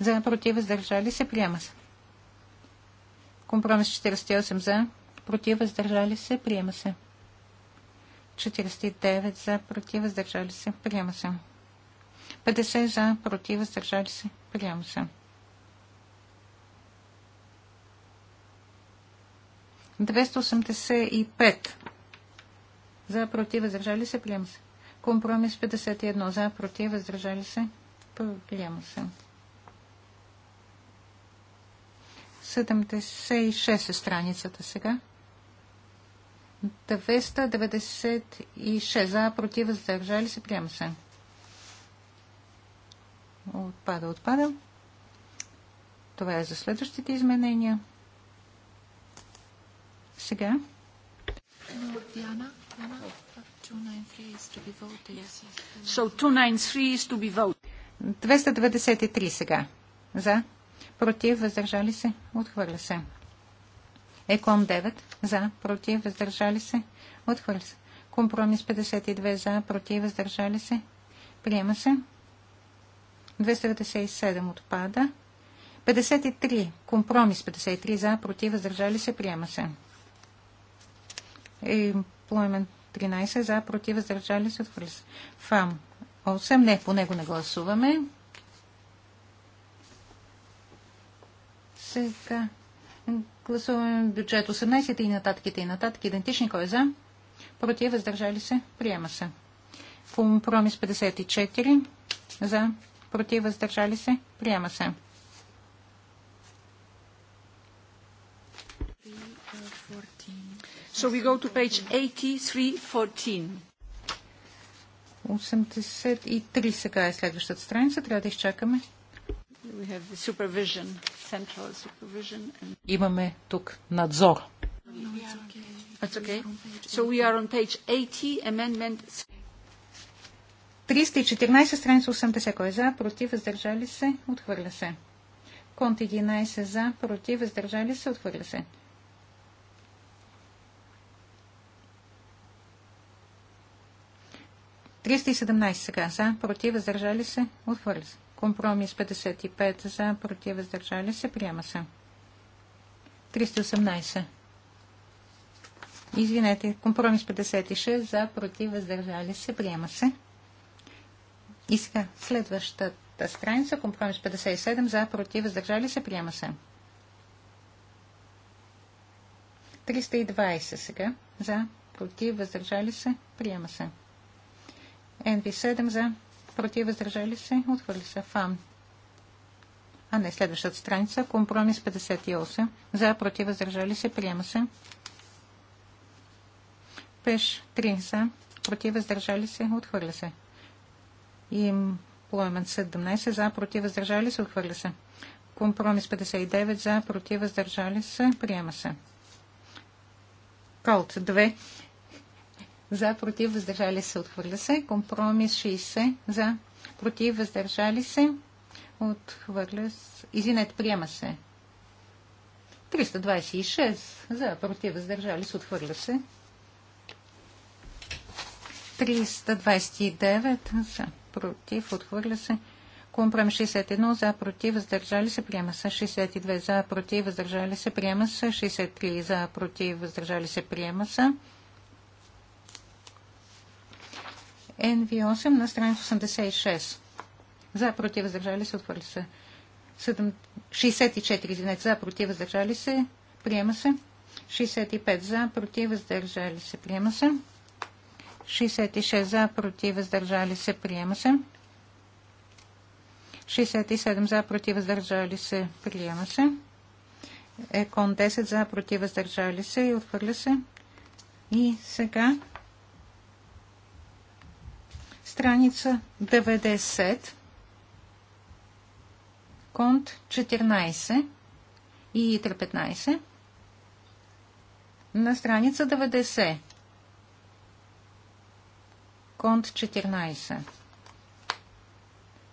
За, против, въздържали се, приема се. Компромис 48 за, против, въздържали се, приема се. 49 за, против, въздържали се, приема се. 50 за, против, въздържали се, приема се. 285 за, против, въздържали се, приема се. Компромис 51 за, против, въздържали се, приема се. 76 е страницата сега. 296 за, против, въздържали се, приема се. Отпада, отпада. Това е за следващите изменения. Сега. be voted. 293 сега. За. Против. Въздържали се. Отхвърля се. Екон 9. За. Против. Въздържали се. Отхвърля се. Компромис 52. За. Против. Въздържали се. Приема се. 297 отпада. 53. Компромис 53 за, против, въздържали се, приема се. Employment 13 за, против, въздържали се, отхвърли се. ФАМ 8. Не, по него не гласуваме. Сега гласуваме бюджет 18 и нататък и нататък. Идентични кой е за? Против, въздържали се, приема се. Компромис 54 за, против, въздържали се, приема се. So we go to page 8314. 83 сега е следващата страница. Трябва да изчакаме. Supervision, supervision and... Имаме тук надзор. Okay. So 80, amendment... 314 страница 80. Кой е за? Против? Въздържали се? Отхвърля се. Конт 11 за, против, въздържали се, отхвърля се. сега за, против, въздържали се, отхвърля се. Компромис 55 за, против, въздържали се, приема се. 318. Извинете, компромис 56 за, против, въздържали се, приема се. И сега, следващата страница, компромис 57, за, против, въздържали се, приема се. 320 сега, за, против, въздържали се, приема се. NV7 за, против, въздържали се, отхвърли се. ФАМ. А не, следващата страница, компромис 58, за, против, въздържали се, приема се. ПЕШ 3 за, против, въздържали се, отхвърля се. Employment 17 за, против, въздържали се, отхвърля се. Компромис 59 за, против, въздържали се, приема се. Колт 2 за, против, въздържали се, отхвърля се. Компромис 60 за, против, въздържали се, отхвърля се. Извинете, приема се. 326 за, против, въздържали се, отхвърля се. 329 за, против, отхвърля се. Компром 61 за, против, въздържали се, приема се. 62 за, против, въздържали се, приема се. 63 за, против, въздържали се, приема се. NV8 на страница 86. За, против, въздържали се, отхвърля се. 64 извинете, за, против, въздържали се, приема се. 65 за, против, въздържали се, приема се. 66 за, против, въздържали се, приема се. 67 за, против, въздържали се, приема се. Екон 10 за, против, въздържали се и отхвърля се. И сега страница 90, конт 14 и 315. На страница 90 Конт 14.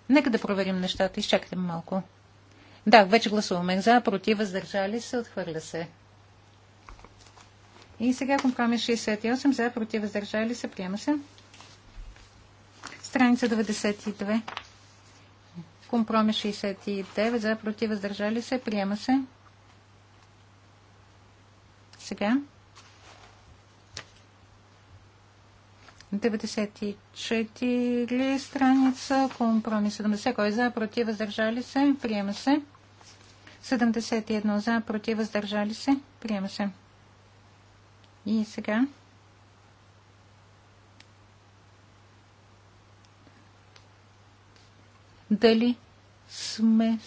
Нека да проверим нещата. Изчакайте малко. Да, вече гласуваме за, против, въздържали се, отхвърля се. И сега компромис 68 за, против, въздържали се, приема се. Страница 92. Компромис 69 за, против, въздържали се, приема се. Сега. 94 страница, компромис 70, кой е за, против, въздържали се, приема се. 71 за, против, въздържали се, приема се. И сега. Дали сме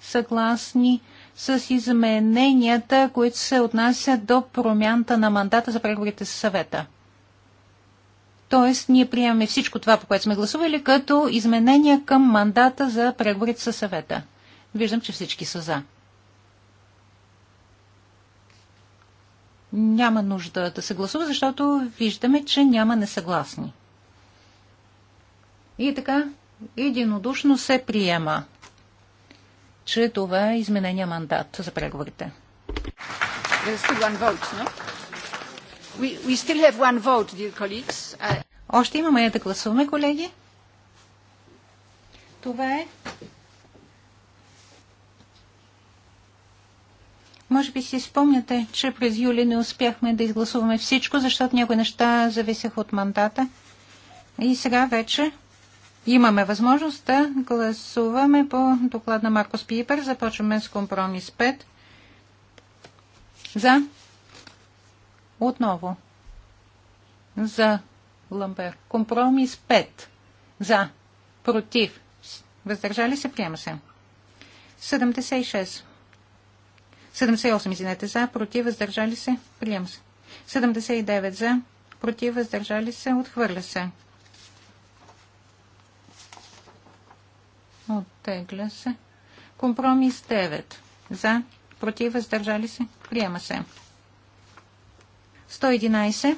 съгласни с измененията, които се отнасят до промяната на мандата за преговорите с съвета? Тоест, ние приемаме всичко това, по което сме гласували, като изменения към мандата за преговорите със съвета. Виждам, че всички са за. Няма нужда да се гласува, защото виждаме, че няма несъгласни. И така, единодушно се приема, че това е изменения мандат за преговорите. We, still have one vote, dear colleagues. Uh, Още имаме да гласуваме, колеги. Това е. Може би си спомняте, че през юли не успяхме да изгласуваме всичко, защото някои неща зависеха от мандата. И сега вече имаме възможност да гласуваме по доклад на Маркос Пипер. Започваме с компромис 5. За, отново. За Ламбер. Компромис 5. За. Против. Въздържали се, приема се. 76. 78, извинете, за, против, въздържали се, приема се. 79 за, против, въздържали се, отхвърля се. Оттегля се. Компромис 9. За, против, въздържали се, приема се. 111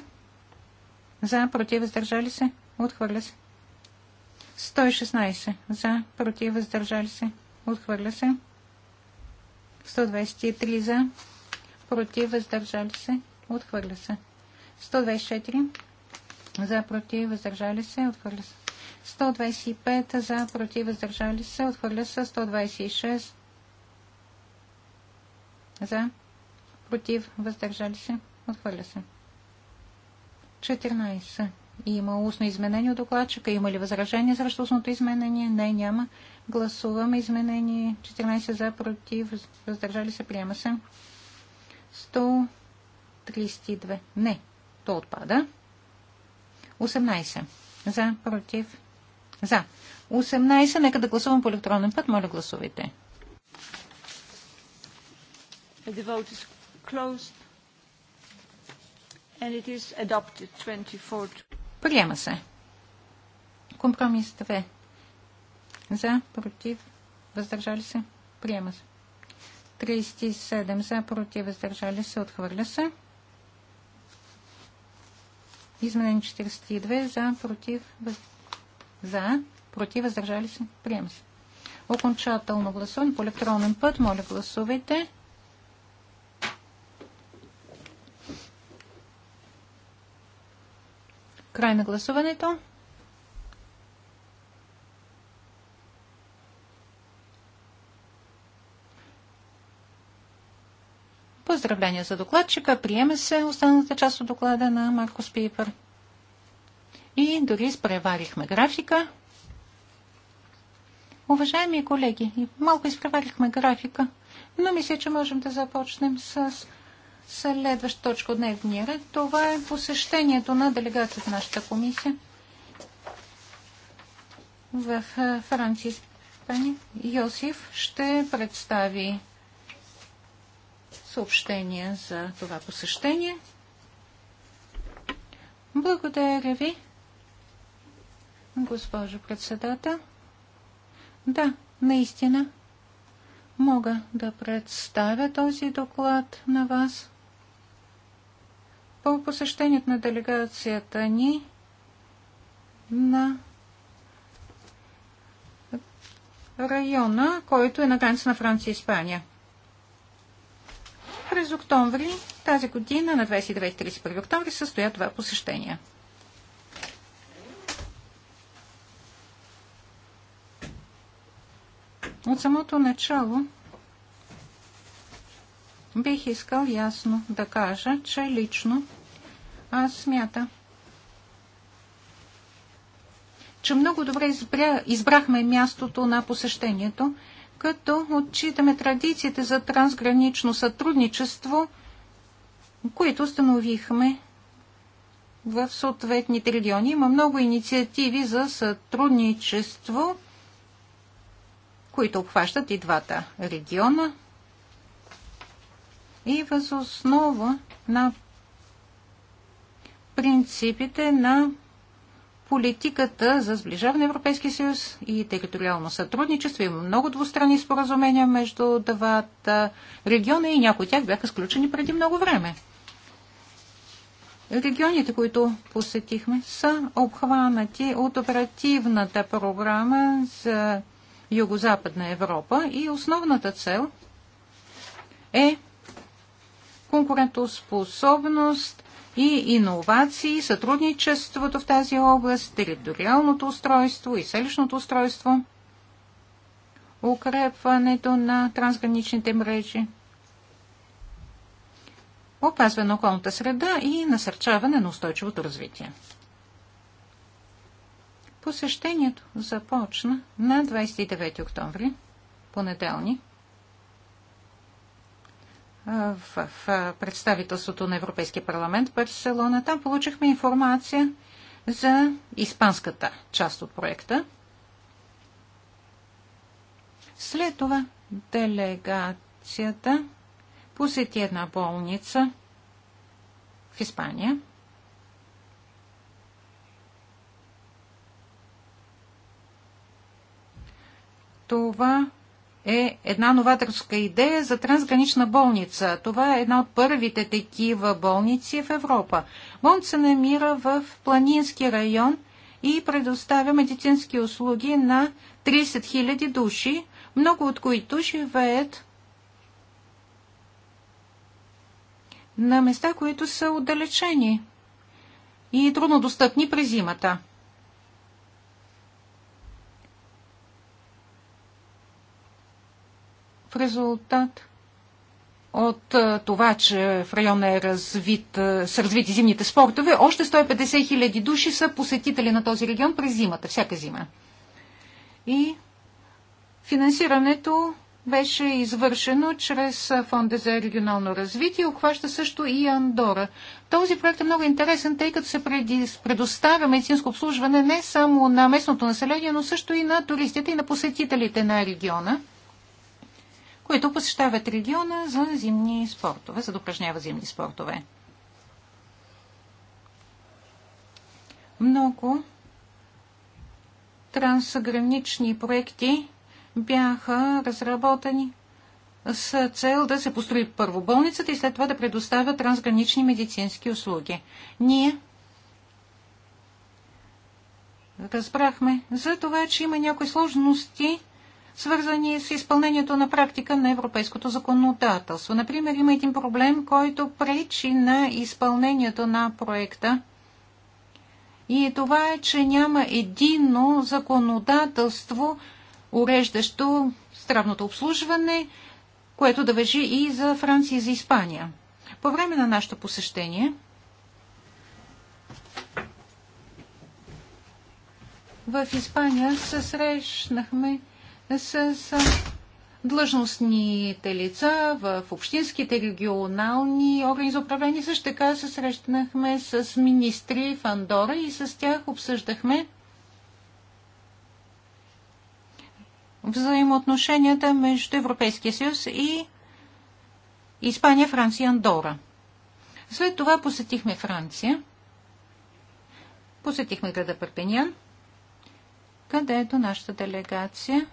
за, против, въздържали се, отхвърля се. 116 за, против, въздържали се, отхвърля се. 123 за, против, въздържали се, отхвърля се. 124 за, против, въздържали се, отхвърля се. 125 за, против, въздържали се, отхвърля се. 126 за, против, въздържали се, Отхвърля се. 14. Има устно изменение от докладчика. Има ли възражение срещу устното изменение? Не, няма. Гласуваме изменение. 14 за, против, въздържали се, приема се. 132. Не, то отпада. 18. За, против, за. 18. Нека да гласувам по електронен път. Моля, гласувайте. The vote is closed. And it is adopted 24. Приема се. Компромис 2. За, против, въздържали се. Приема се. 37 за, против, въздържали се. Отхвърля се. Изменени 42 за, против, въз... за, против, въздържали се. Приема се. Окончателно гласуване по електронен път. Моля, гласувайте. Край на гласуването. Поздравления за докладчика. Приема се останалата част от доклада на Маркос Пипър. И дори изпреварихме графика. Уважаеми колеги, малко изпреварихме графика, но мисля, че можем да започнем с Следваща точка от дневния ред, това е посещението на делегацията в нашата комисия в е, Франция и Испания. Йосиф ще представи съобщение за това посещение. Благодаря ви, госпожо председател. Да, наистина мога да представя този доклад на вас по посещението на делегацията ни на района, който е на граница на Франция и Испания. През октомври тази година, на 29-31 октомври, състоя това посещение. От самото начало бих искал ясно да кажа, че лично аз смята, че много добре избря, избрахме мястото на посещението, като отчитаме традициите за трансгранично сътрудничество, които установихме в съответните региони. Има много инициативи за сътрудничество, които обхващат и двата региона и въз основа на принципите на политиката за сближаване Европейския съюз и териториално сътрудничество. Има много двустранни споразумения между двата региона и някои от тях бяха сключени преди много време. Регионите, които посетихме, са обхванати от оперативната програма за Югозападна Европа и основната цел е конкурентоспособност и иновации, сътрудничеството в тази област, териториалното устройство и селищното устройство, укрепването на трансграничните мрежи, опазване на околната среда и насърчаване на устойчивото развитие. Посещението започна на 29 октомври, понеделник, в представителството на Европейския парламент в Барселона. Там получихме информация за испанската част от проекта. След това делегацията посети една болница в Испания. Това е една новаторска идея за трансгранична болница. Това е една от първите такива болници в Европа. Болница се намира в планински район и предоставя медицински услуги на 30 000 души, много от които живеят на места, които са отдалечени и трудно достъпни през зимата. в резултат от това, че в района е развит, са развити зимните спортове, още 150 хиляди души са посетители на този регион през зимата, всяка зима. И финансирането беше извършено чрез Фонда за регионално развитие, обхваща също и Андора. Този проект е много интересен, тъй като се предоставя медицинско обслужване не само на местното население, но също и на туристите и на посетителите на региона – които посещават региона за зимни спортове, за да упражняват зимни спортове. Много трансгранични проекти бяха разработени с цел да се построи първо болницата и след това да предоставя трансгранични медицински услуги. Ние разбрахме за това, че има някои сложности свързани с изпълнението на практика на европейското законодателство. Например, има един проблем, който пречи на изпълнението на проекта. И това е, че няма едино законодателство, уреждащо здравното обслужване, което да въжи и за Франция и за Испания. По време на нашето посещение в Испания се срещнахме с, длъжностните лица в общинските регионални органи за управление. Също така се срещнахме с министри в Андора и с тях обсъждахме взаимоотношенията между Европейския съюз и Испания, Франция и Андора. След това посетихме Франция. Посетихме града Перпинян, където нашата делегация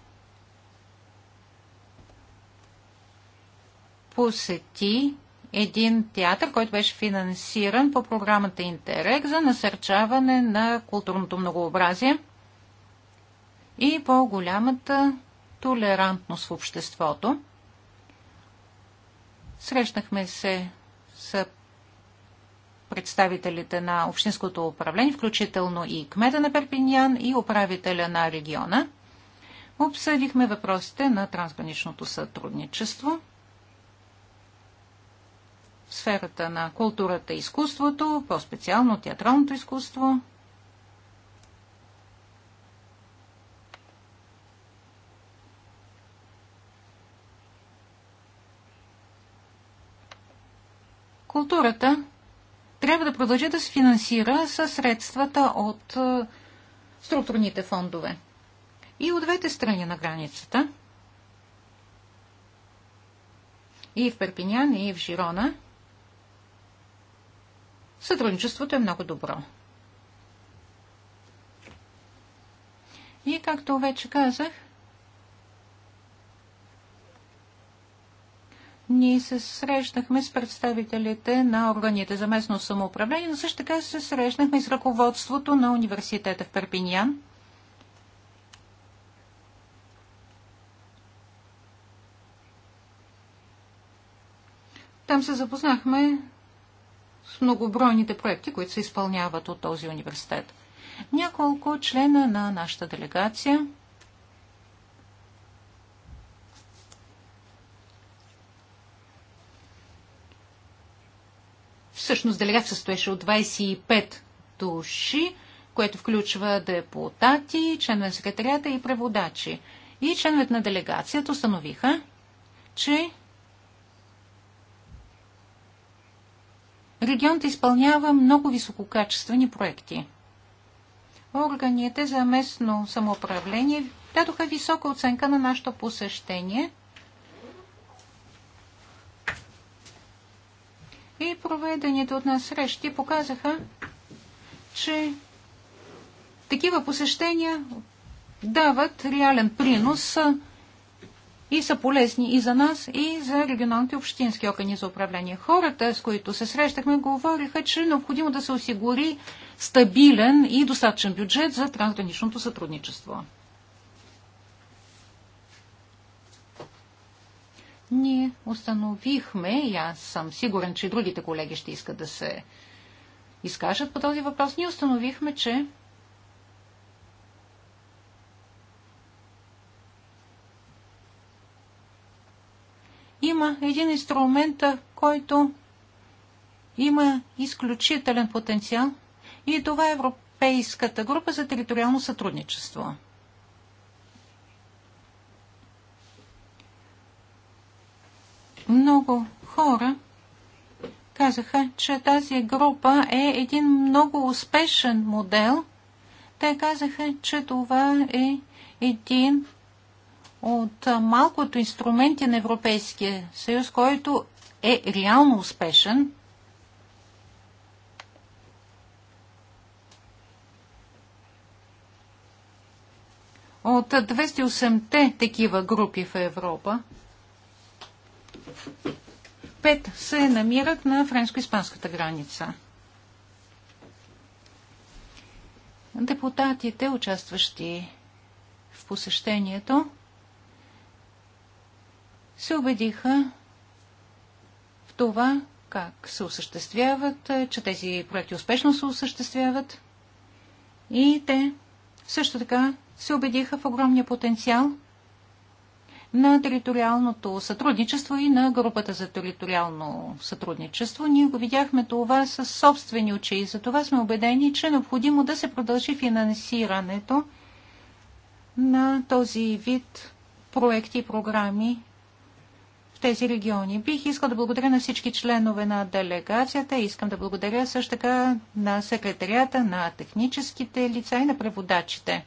посети един театър, който беше финансиран по програмата Интерек за насърчаване на културното многообразие и по-голямата толерантност в обществото. Срещнахме се с представителите на Общинското управление, включително и кмета на Перпиньян и управителя на региона. Обсъдихме въпросите на трансграничното сътрудничество – в сферата на културата и изкуството, по-специално театралното изкуство. Културата трябва да продължи да се финансира със средствата от е, структурните фондове. И от двете страни на границата, и в Перпинян, и в Жирона – сътрудничеството е много добро. И както вече казах, ние се срещнахме с представителите на органите за местно самоуправление, но също така се срещнахме с ръководството на университета в Перпиньян. Там се запознахме с многобройните проекти, които се изпълняват от този университет. Няколко члена на нашата делегация Всъщност делегация стоеше от 25 души, което включва депутати, членове на секретарията и преводачи. И членовете на делегацията установиха, че регионът изпълнява много висококачествени проекти. Органите за местно самоуправление дадоха висока оценка на нашето посещение и проведените от нас срещи показаха, че такива посещения дават реален принос и са полезни и за нас, и за регионалните общински органи за управление. Хората, с които се срещахме, говориха, че е необходимо да се осигури стабилен и достатъчен бюджет за трансграничното сътрудничество. Ние установихме, и аз съм сигурен, че и другите колеги ще искат да се изкажат по този въпрос, ние установихме, че има един инструмент, който има изключителен потенциал и това е Европейската група за териториално сътрудничество. Много хора казаха, че тази група е един много успешен модел. Те казаха, че това е един от малкото инструменти на Европейския съюз, който е реално успешен. От 208-те такива групи в Европа, пет се намират на френско-испанската граница. Депутатите, участващи в посещението, се убедиха в това, как се осъществяват, е, че тези проекти успешно се осъществяват. И те също така се убедиха в огромния потенциал на териториалното сътрудничество и на групата за териториално сътрудничество. Ние го видяхме това с собствени очи и за това сме убедени, че е необходимо да се продължи финансирането на този вид проекти и програми тези региони. Бих искал да благодаря на всички членове на делегацията. Искам да благодаря също така на секретарията, на техническите лица и на преводачите.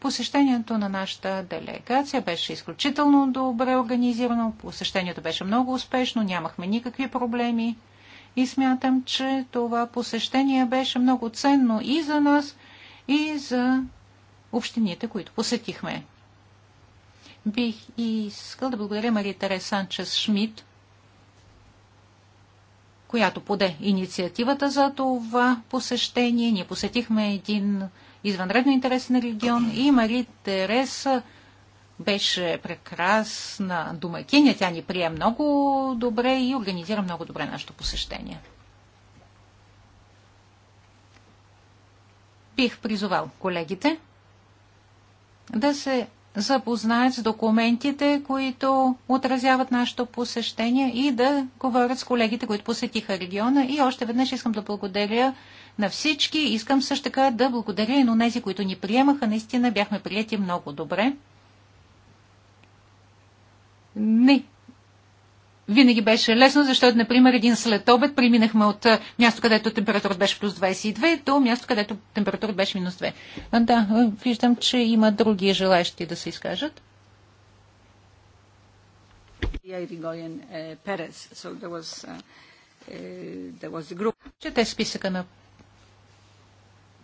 Посещението на нашата делегация беше изключително добре организирано, посещението беше много успешно, нямахме никакви проблеми и смятам, че това посещение беше много ценно и за нас, и за общините, които посетихме. Бих искал да благодаря Мария Терес Санчес Шмидт, която поде инициативата за това посещение. Ние посетихме един извънредно интересен регион и Мари Тереса беше прекрасна домакиня. Тя ни прие много добре и организира много добре нашето посещение. Бих призовал колегите да се запознаят с документите, които отразяват нашето посещение и да говорят с колегите, които посетиха региона. И още веднъж искам да благодаря на всички. Искам също така да благодаря и на тези, които ни приемаха. Наистина бяхме прияти много добре. Не винаги беше лесно, защото, например, един след обед преминахме от място, където температурата беше плюс 22, до място, където температурата беше минус 2. А, да, виждам, че има други желаещи да се изкажат. Чете списъка на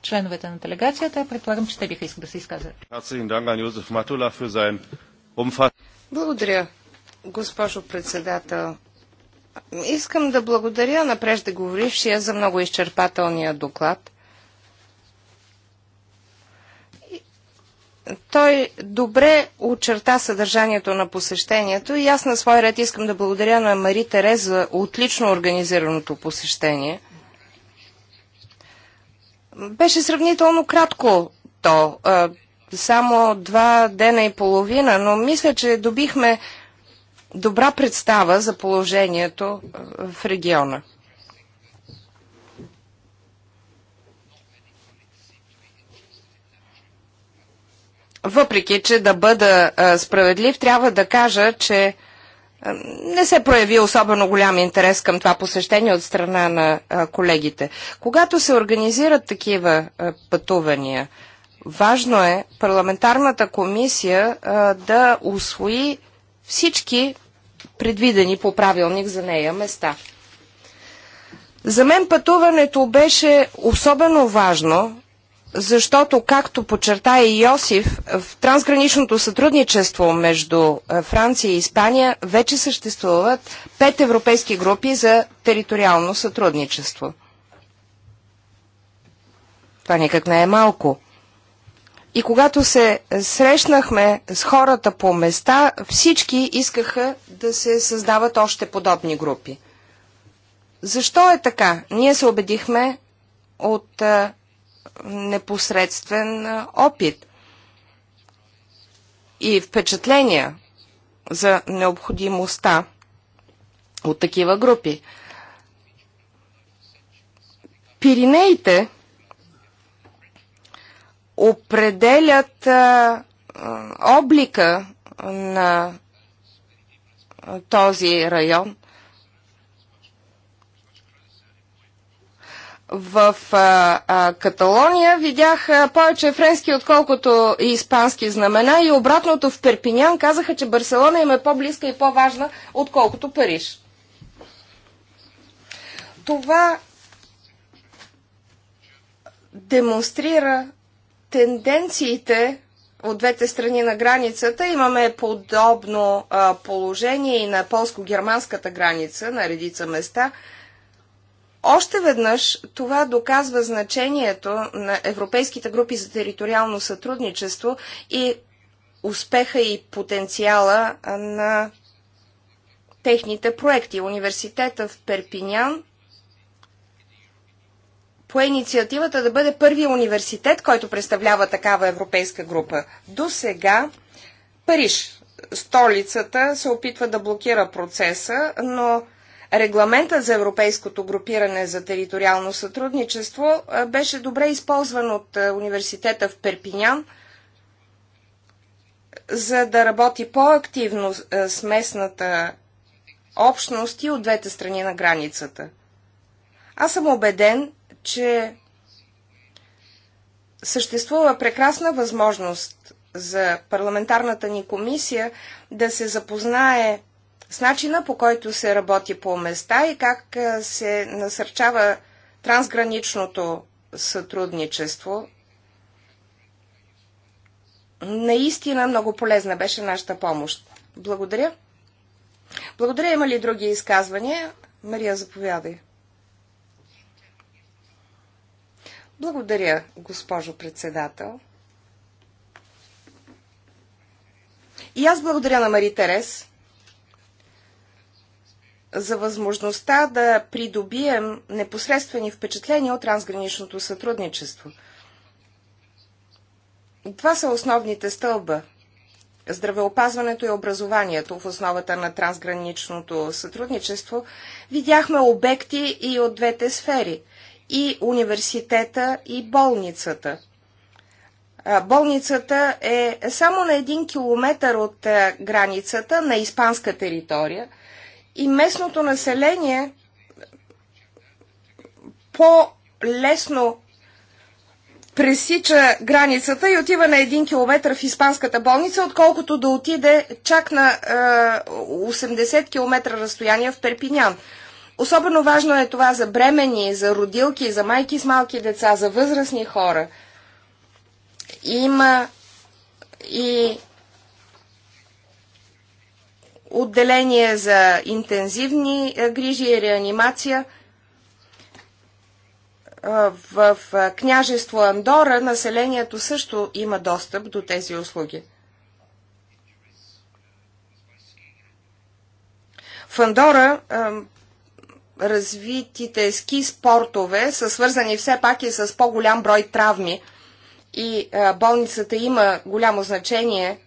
членовете на делегацията. Предполагам, че те биха искали да се изказат. Благодаря Госпожо председател, искам да благодаря на преждеговорившия за много изчерпателния доклад. Той добре очерта съдържанието на посещението и аз на свой ред искам да благодаря на Мари Терез за отлично организираното посещение. Беше сравнително кратко то, само два дена и половина, но мисля, че добихме добра представа за положението е, в региона. Въпреки, че да бъда е, справедлив, трябва да кажа, че е, не се прояви особено голям интерес към това посещение от страна на колегите. Когато се организират такива пътувания, важно е парламентарната комисия да освои всички предвидени по правилник за нея места. За мен пътуването беше особено важно, защото, както подчерта и Йосиф, в трансграничното сътрудничество между е, Франция и Испания вече съществуват пет европейски групи за териториално сътрудничество. Това никак не е малко. И когато се срещнахме с хората по места, всички искаха да се създават още подобни групи. Защо е така? Ние се убедихме от непосредствен опит и впечатления за необходимостта от такива групи. Пиринеите – определят а, облика на този район. В а, а, Каталония видях а, повече френски, отколкото и испански знамена и обратното в Перпинян казаха, че Барселона им е по-близка и по-важна, отколкото Париж. Това демонстрира тенденциите от двете страни на границата. Имаме подобно а, положение и на полско-германската граница, на редица места. Още веднъж това доказва значението на европейските групи за териториално сътрудничество и успеха и потенциала на техните проекти. Университета в Перпинян пое инициативата да бъде първия университет, който представлява такава европейска група. До сега Париж, столицата, се опитва да блокира процеса, но регламентът за европейското групиране за териториално сътрудничество беше добре използван от университета в Перпинян, за да работи по-активно с местната общност и от двете страни на границата. Аз съм убеден, че съществува прекрасна възможност за парламентарната ни комисия да се запознае с начина по който се работи по места и как се насърчава трансграничното сътрудничество. Наистина много полезна беше нашата помощ. Благодаря. Благодаря. Има ли други изказвания? Мария, заповядай. Благодаря, госпожо председател. И аз благодаря на Мари Терес за възможността да придобием непосредствени впечатления от трансграничното сътрудничество. Това са основните стълба. Здравеопазването и образованието в основата на трансграничното сътрудничество видяхме обекти и от двете сфери и университета и болницата. Болницата е само на един километър от границата на испанска територия и местното население по-лесно пресича границата и отива на един километр в испанската болница, отколкото да отиде чак на 80 км разстояние в Перпинян. Особено важно е това за бремени, за родилки, за майки с малки деца, за възрастни хора. Има и отделение за интензивни е, грижи и реанимация. Е, в е, княжество Андора населението също има достъп до тези услуги. В Андора развитите ски спортове са свързани все пак и с по-голям брой травми и болницата има голямо значение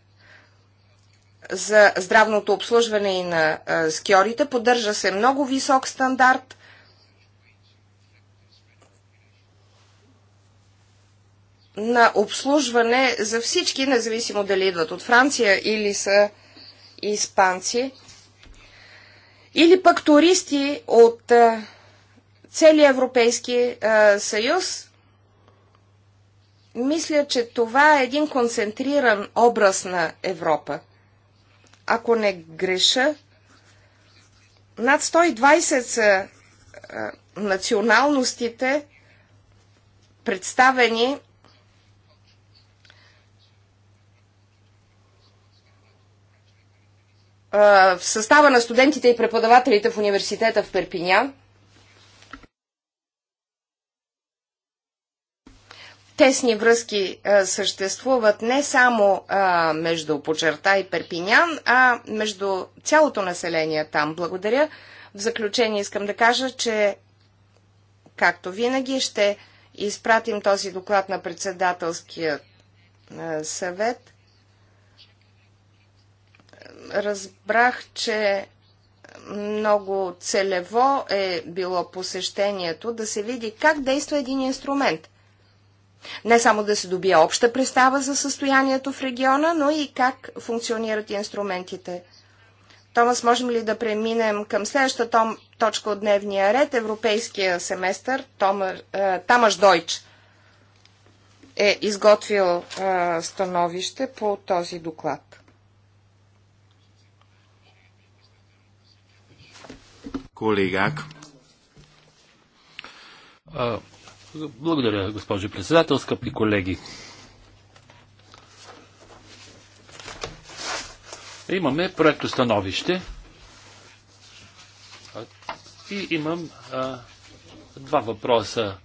за здравното обслужване и на скиорите. Поддържа се много висок стандарт. на обслужване за всички, независимо дали идват от Франция или са испанци. Или пък туристи от а, целия Европейски а, съюз. Мисля, че това е един концентриран образ на Европа. Ако не греша, над 120 са а, националностите, представени в състава на студентите и преподавателите в университета в Перпинян. Тесни връзки съществуват не само между Почерта и Перпинян, а между цялото население там. Благодаря. В заключение искам да кажа, че както винаги ще изпратим този доклад на председателския съвет – разбрах, че много целево е било посещението да се види как действа един инструмент. Не само да се добие обща представа за състоянието в региона, но и как функционират инструментите. Томас, можем ли да преминем към следващата том, точка от дневния ред, европейския семестър, е, Тамаш Дойч е изготвил е, становище по този доклад. Колегак. Благодаря, госпожо председател, скъпи колеги. Имаме проекто становище и имам а, два въпроса,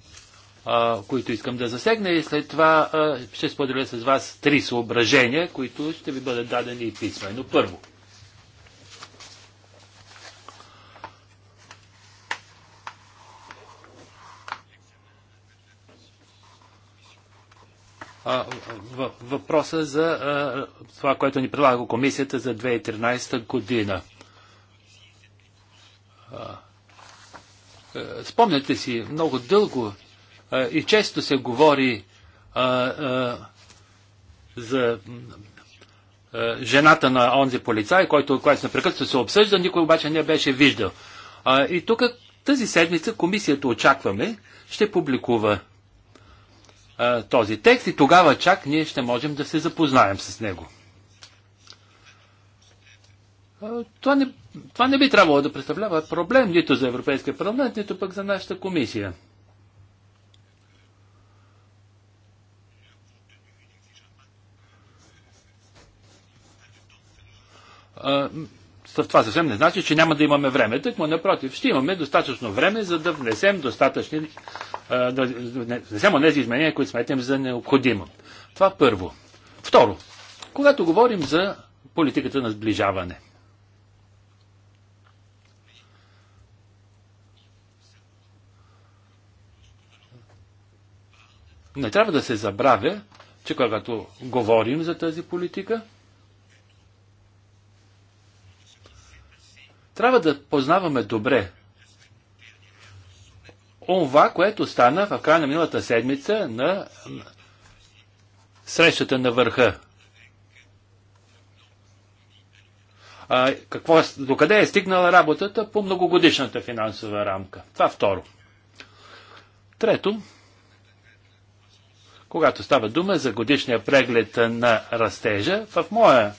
а, които искам да засегна и след това а, ще споделя с вас три съображения, които ще ви бъдат дадени и писмено. Първо, въпроса за това, което ни предлага комисията за 2013 година. Е, спомняте си, много дълго и често се говори за жената на онзи полицай, който, който непрекъснато се обсъжда, никой обаче не беше виждал. И тук тази седмица комисията очакваме ще публикува този текст и тогава чак ние ще можем да се запознаем с него. това не, това не би трябвало да представлява проблем нито за Европейския парламент, нито пък за нашата комисия това съвсем не значи, че няма да имаме време. му напротив, ще имаме достатъчно време, за да внесем достатъчни, да внесем тези изменения, които сметим за необходимо. Това първо. Второ, когато говорим за политиката на сближаване. Не трябва да се забравя, че когато говорим за тази политика, Трябва да познаваме добре онва, което стана в края на миналата седмица на срещата на върха. А, какво, е, докъде е стигнала работата по многогодишната финансова рамка? Това второ. Трето, когато става дума за годишния преглед на растежа, в моя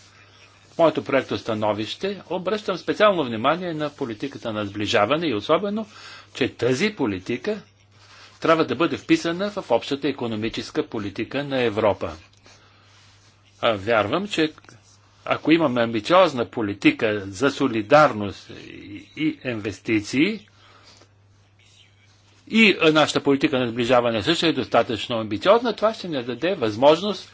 моето проекто становище обръщам специално внимание на политиката на сближаване и особено, че тази политика трябва да бъде вписана в общата економическа политика на Европа. А вярвам, че ако имаме амбициозна политика за солидарност и инвестиции, и нашата политика на сближаване също е достатъчно амбициозна, това ще ни даде възможност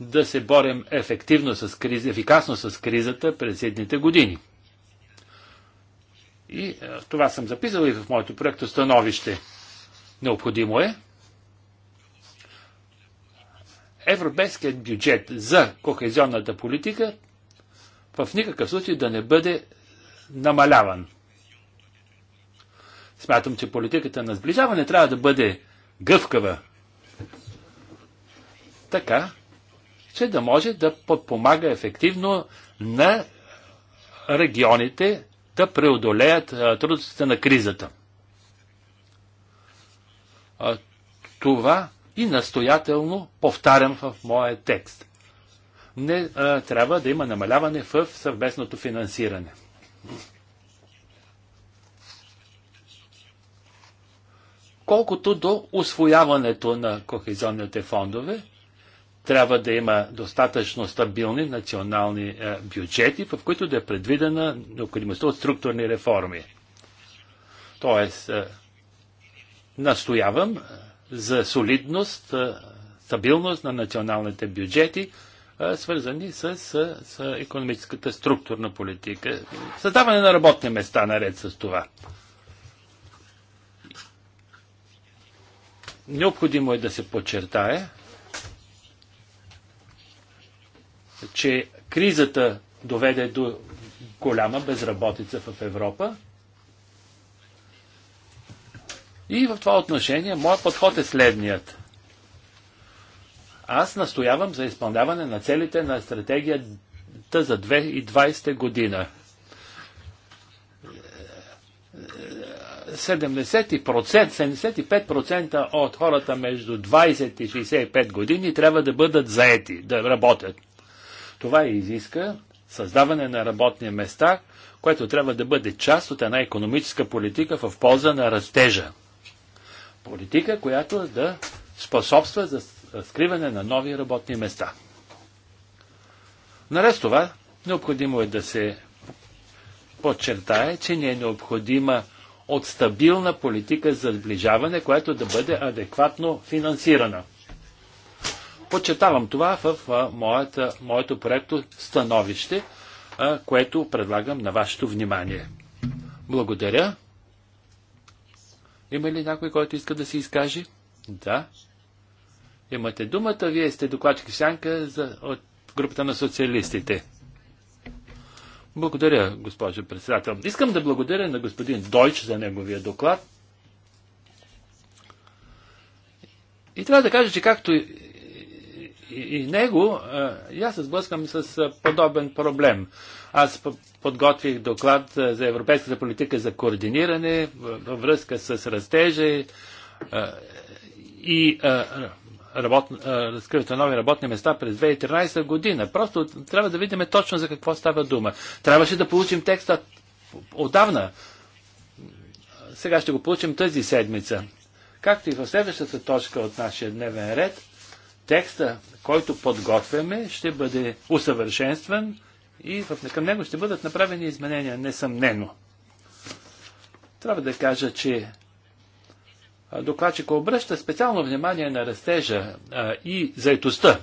да се борим ефективно с криза, ефикасно с кризата през едните години. И е, това съм записал и в моето проекто становище. Необходимо е европейският бюджет за кохезионната политика в никакъв случай да не бъде намаляван. Смятам, че политиката на сближаване трябва да бъде гъвкава. Така, че да може да подпомага ефективно на регионите да преодолеят трудностите на кризата. Това и настоятелно повтарям в моя текст. Не а, трябва да има намаляване в съвместното финансиране. Колкото до освояването на кохезионните фондове, трябва да има достатъчно стабилни национални е, бюджети, в които да е предвидена необходимостта от структурни реформи. Тоест, е, настоявам е, за солидност, стабилност на националните бюджети, свързани с, с, с економическата структурна политика. Създаване на работни места наред с това. Необходимо е да се подчертае, че кризата доведе до голяма безработица в Европа. И в това отношение моят подход е следният. Аз настоявам за изпълняване на целите на стратегията за 2020 година. 70%, 75% от хората между 20 и 65 години трябва да бъдат заети, да работят. Това изиска създаване на работни места, което трябва да бъде част от една економическа политика в полза на растежа. Политика, която да способства за разкриване на нови работни места. Наред това, необходимо е да се подчертае, че не е необходима от стабилна политика за сближаване, която да бъде адекватно финансирана. Подчертавам това в моята, моето проекто становище, което предлагам на вашето внимание. Благодаря. Има ли някой, който иска да се изкаже? Да. Имате думата. Вие сте докладчик Сянка за, от групата на социалистите. Благодаря, госпожо председател. Искам да благодаря на господин Дойч за неговия доклад. И трябва да кажа, че както и, и него, и аз се сблъскам с подобен проблем. Аз подготвих доклад за европейската политика за координиране във връзка с растежа и работ... разкриването на нови работни места през 2013 година. Просто трябва да видим точно за какво става дума. Трябваше да получим текста отдавна. Сега ще го получим тази седмица. Както и в следващата точка от нашия дневен ред – текста, който подготвяме, ще бъде усъвършенстван и към него ще бъдат направени изменения, несъмнено. Трябва да кажа, че докладчика обръща специално внимание на растежа и заетостта.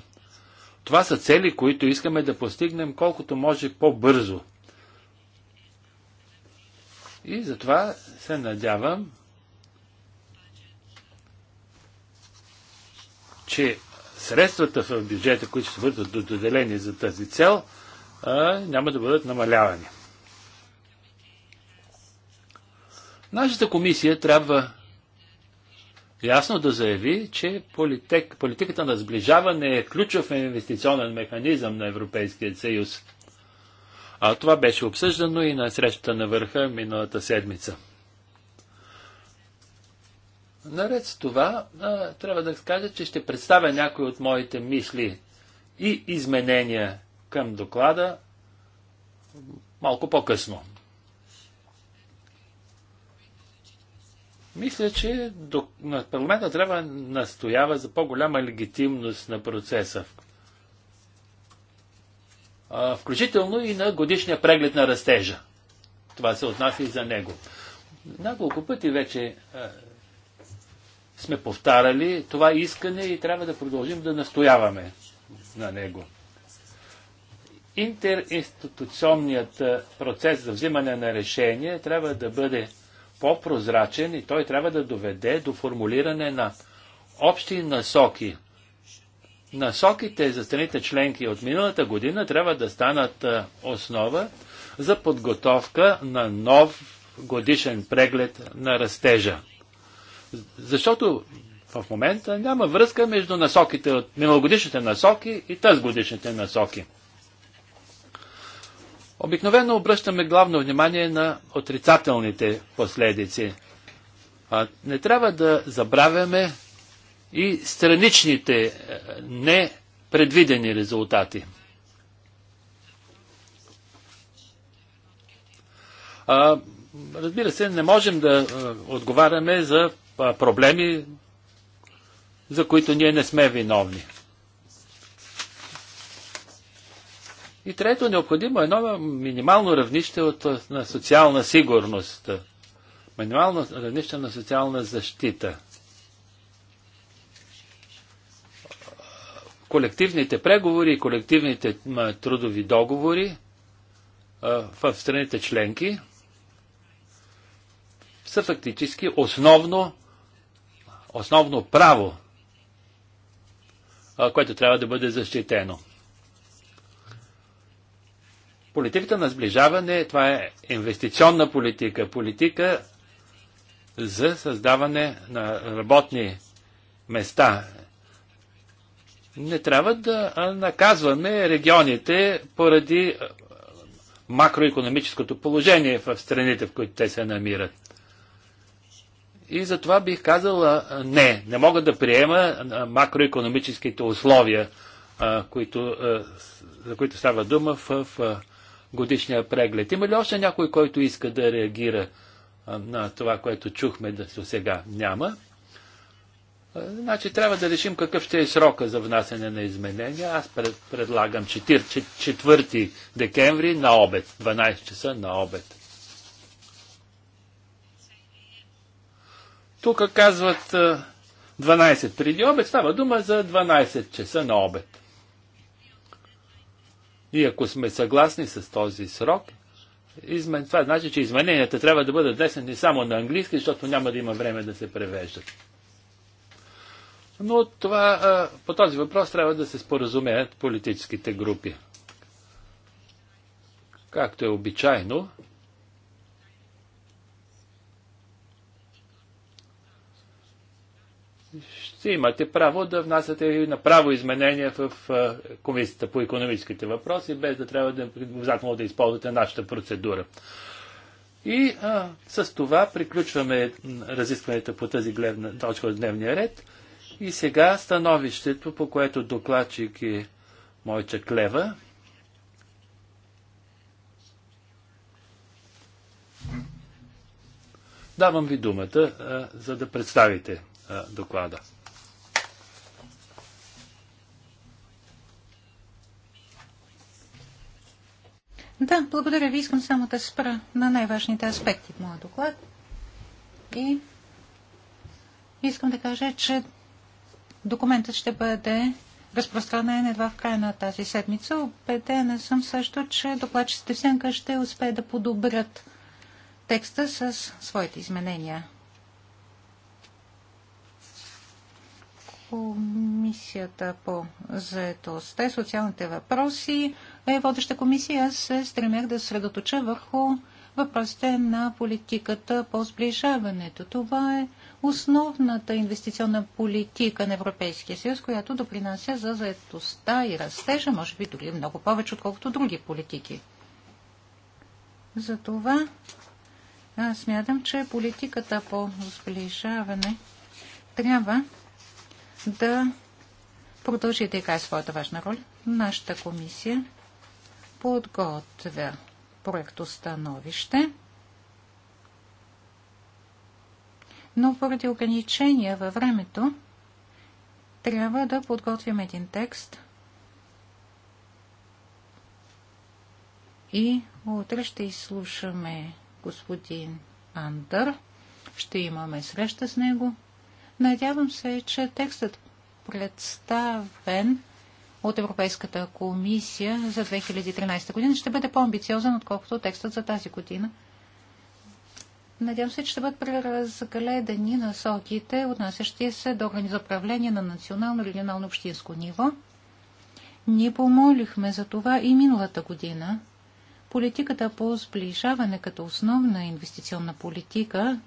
Това са цели, които искаме да постигнем колкото може по-бързо. И затова се надявам, че средствата в бюджета, които ще бъдат доделени за тази цел, няма да бъдат намалявани. Нашата комисия трябва ясно да заяви, че политик, политиката на сближаване е ключов инвестиционен механизъм на Европейския съюз. А това беше обсъждано и на срещата на върха миналата седмица. Наред с това, а, трябва да кажа, че ще представя някои от моите мисли и изменения към доклада малко по-късно. Мисля, че до... парламента трябва да настоява за по-голяма легитимност на процеса. А, включително и на годишния преглед на растежа. Това се отнася и за него. Няколко пъти вече сме повтарали това искане и трябва да продължим да настояваме на него. Интеринституционният процес за взимане на решение трябва да бъде по-прозрачен и той трябва да доведе до формулиране на общи насоки. Насоките за страните членки от миналата година трябва да станат основа за подготовка на нов годишен преглед на растежа. Защото в момента няма връзка между насоките от миналогодишните насоки и тази годишните насоки. Обикновено обръщаме главно внимание на отрицателните последици. А не трябва да забравяме и страничните е, непредвидени резултати. А, разбира се, не можем да а, е, отговаряме за проблеми, за които ние не сме виновни. И трето, необходимо е едно минимално равнище от, на социална сигурност, минимално равнище на социална защита. Колективните преговори и колективните трудови договори в страните членки са фактически основно основно право, което трябва да бъде защитено. Политиката на сближаване, това е инвестиционна политика, политика за създаване на работни места. Не трябва да наказваме регионите поради макроекономическото положение в страните, в които те се намират. И затова бих казал не, не мога да приема макроекономическите условия, които, за които става дума в годишния преглед. Има ли още някой, който иска да реагира на това, което чухме до сега? Няма. Значи трябва да решим какъв ще е срока за внасяне на изменения. Аз пред, предлагам 4, 4 декември на обед, 12 часа на обед. Тук казват 12 преди обед, става дума за 12 часа на обед. И ако сме съгласни с този срок, измен... това значи, че измененията трябва да бъдат десни само на английски, защото няма да има време да се превеждат. Но това, по този въпрос трябва да се споразумеят политическите групи. Както е обичайно, ще имате право да внасяте направо изменения в Комисията по економическите въпроси, без да трябва да обязателно да използвате нашата процедура. И а, с това приключваме разискването по тази гледна точка от дневния ред. И сега становището, по което докладчик е Мойча Клева. Давам ви думата, а, за да представите доклада. Да, благодаря ви. Искам само да спра на най-важните аспекти в моя доклад. И искам да кажа, че документът ще бъде разпространен едва в края на тази седмица. Обедена съм също, че докладчиците в сянка ще успеят да подобрят текста с своите изменения. Комисията по заедостта и социалните въпроси е водеща комисия. Аз се стремях да средоточа върху въпросите на политиката по сближаването. Това е основната инвестиционна политика на Европейския съюз, която допринася за заедостта и растежа, може би дори много повече, отколкото други политики. Затова аз смятам, че политиката по сближаване трябва да продължи да играе своята важна роля. Нашата комисия подготвя проектостановище, но поради ограничения във времето трябва да подготвим един текст и утре ще изслушаме господин Андър. Ще имаме среща с него Надявам се, че текстът представен от Европейската комисия за 2013 година ще бъде по-амбициозен, отколкото текстът за тази година. Надявам се, че ще бъдат преразгледани насоките, отнасящи се до органи за управление на национално, регионално, общинско ниво. Ние помолихме за това и миналата година. Политиката по сближаване като основна инвестиционна политика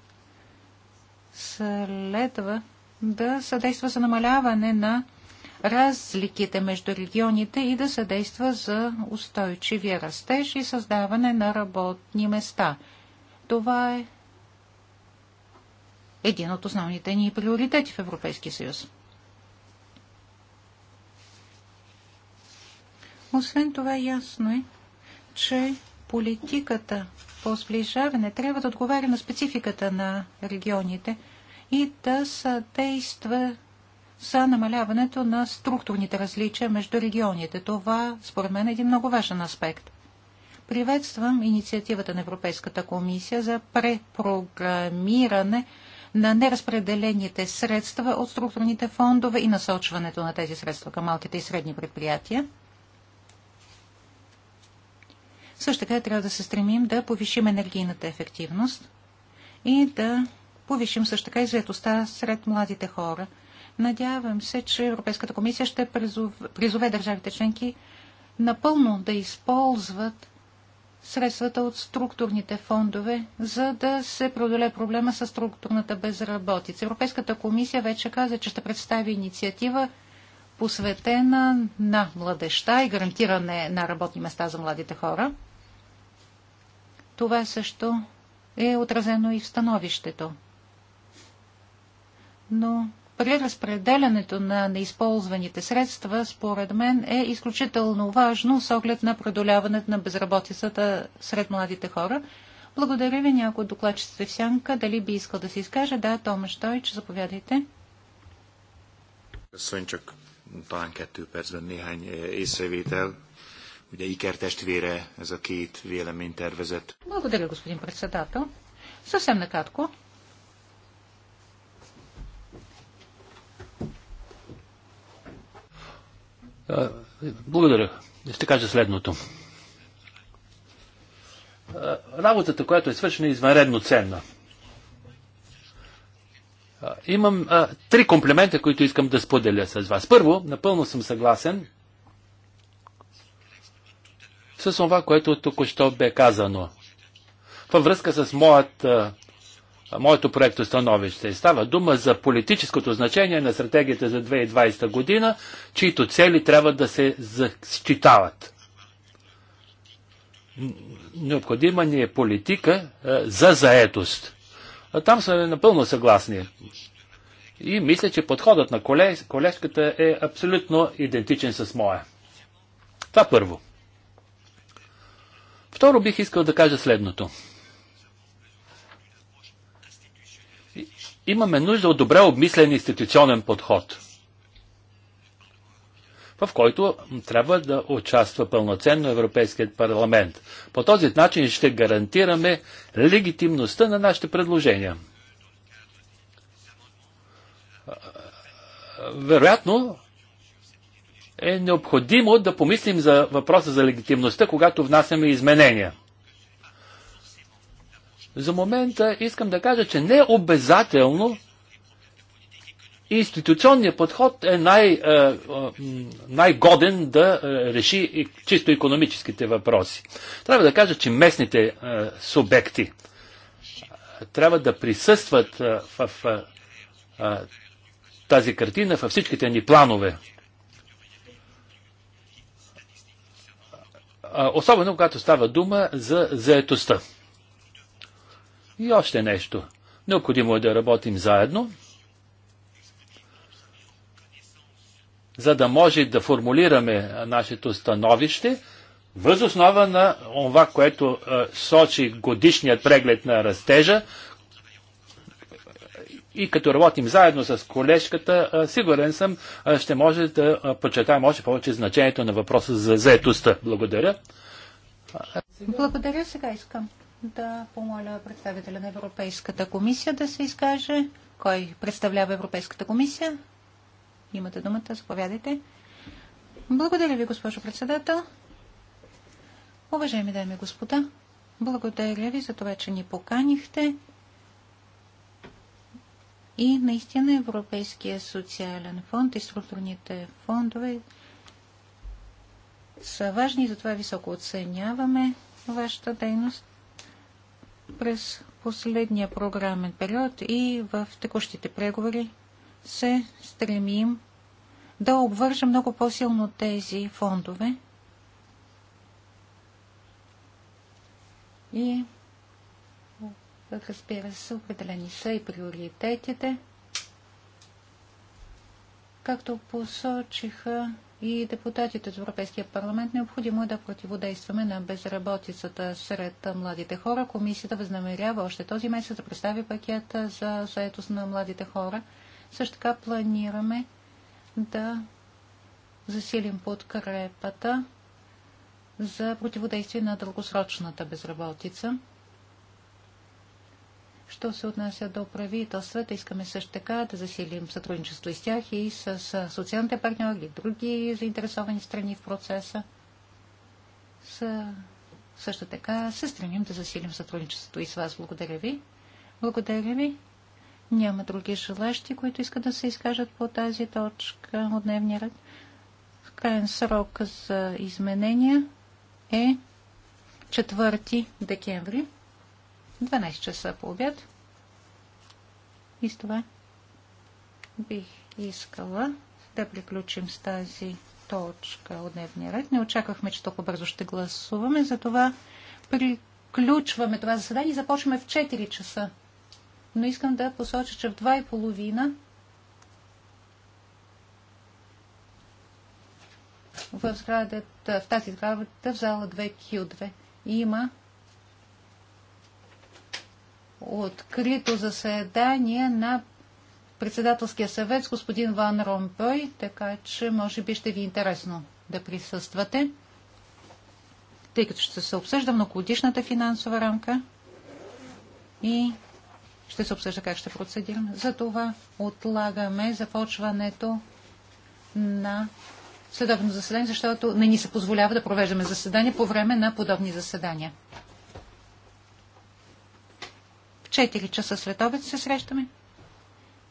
следва да съдейства за намаляване на разликите между регионите и да съдейства за устойчивия растеж и създаване на работни места. Това е един от основните ни приоритети в Европейския съюз. Освен това, ясно е, че политиката по сближаване трябва да отговаря на спецификата на регионите и да съдейства за намаляването на структурните различия между регионите. Това, според мен, е един много важен аспект. Приветствам инициативата на Европейската комисия за препрограмиране на неразпределените средства от структурните фондове и насочването на тези средства към малките и средни предприятия. Също така трябва да се стремим да повишим енергийната ефективност и да повишим също така и заедостта сред младите хора. Надявам се, че Европейската комисия ще призове, призове държавите членки напълно да използват средствата от структурните фондове, за да се преодолее проблема с структурната безработица. Европейската комисия вече каза, че ще представи инициатива посветена на младеща и гарантиране на работни места за младите хора. Това също е отразено и в становището. Но при разпределянето на неизползваните средства, според мен, е изключително важно с оглед на продоляването на безработицата сред младите хора. Благодаря ви някой от докладчиците в сянка. Дали би искал да се изкаже? Да, Томаш Тойч, заповядайте. Свенчък talán kettő percben néhány eh, észrevétel. Ugye Iker testvére ez a két vélemény tervezett. Благодаря, господин председател. Съвсем накратко. Благодаря. Ще кажа следното. Работата, която е свършена, е извънредно ценна. Имам а, три комплимента, които искам да споделя с вас. Първо, напълно съм съгласен с това, което току-що бе казано. Във връзка с моят, а, моето проекто становище става дума за политическото значение на стратегията за 2020 година, чието цели трябва да се защитават. Необходима ни е политика а, за заетост там сме напълно съгласни. И мисля, че подходът на колежката е абсолютно идентичен с моя. Това първо. Второ бих искал да кажа следното. Имаме нужда от добре обмислен институционен подход в който трябва да участва пълноценно Европейският парламент. По този начин ще гарантираме легитимността на нашите предложения. Вероятно е необходимо да помислим за въпроса за легитимността, когато внасяме изменения. За момента искам да кажа, че не е обязателно институционният подход е най, е, е, най-годен да е, реши чисто економическите въпроси. Трябва да кажа, че местните субекти трябва да присъстват в тази картина, във всичките ни планове. Особено когато става дума за заетостта. И още нещо. Необходимо е да работим заедно за да може да формулираме нашето становище въз основа на това, което е, сочи годишният преглед на растежа. И като работим заедно с колежката, е, сигурен съм, е, ще може да подчертаем още повече значението на въпроса за заетостта. Благодаря. Благодаря. Сега искам да помоля представителя на Европейската комисия да се изкаже. Кой представлява Европейската комисия? Имате думата, заповядайте. Благодаря ви, госпожо председател. Уважаеми дами и господа, благодаря ви за това, че ни поканихте. И наистина Европейския социален фонд и структурните фондове са важни и затова високо оценяваме вашата дейност през последния програмен период и в текущите преговори се стремим да обвържем много по-силно тези фондове и разбира се, определени са и приоритетите, както посочиха и депутатите от Европейския парламент, необходимо е да противодействаме на безработицата сред младите хора. Комисията възнамерява още този месец да представи пакета за заетост на младите хора – също така планираме да засилим подкрепата за противодействие на дългосрочната безработица. Що се отнася до правителствата, искаме също така да засилим сътрудничество с тях и с социалните партньори и други заинтересовани страни в процеса. С... Също така се стремим да засилим сътрудничеството и с вас. Благодаря ви. Благодаря ви. Няма други желащи, които искат да се изкажат по тази точка от дневния ред. В крайен срок за изменения е 4 декември, 12 часа по обяд. И с това бих искала да приключим с тази точка от дневния ред. Не очаквахме, че толкова бързо ще гласуваме, затова приключваме това заседание и започваме в 4 часа но искам да посоча, че в и половина в, сградата, в тази сграда, в зала 2Q2, има открито заседание на председателския съвет с господин Ван Ромпой, така че може би ще ви е интересно да присъствате, тъй като ще се обсъжда многогодишната финансова рамка и ще се обсъжда как ще процедираме. Затова отлагаме започването на следобно заседание, защото не ни се позволява да провеждаме заседания по време на подобни заседания. В 4 часа след обед се срещаме.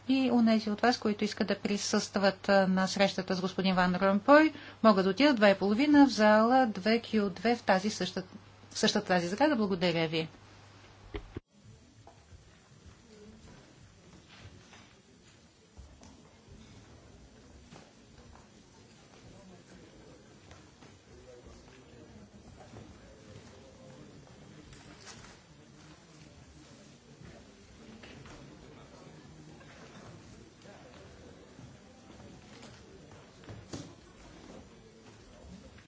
И унези от вас, които искат да присъстват на срещата с господин Ван Ромпой, могат да отидат 2.30 в зала 2Q2 в, тази същата, същата тази заграда. Благодаря ви.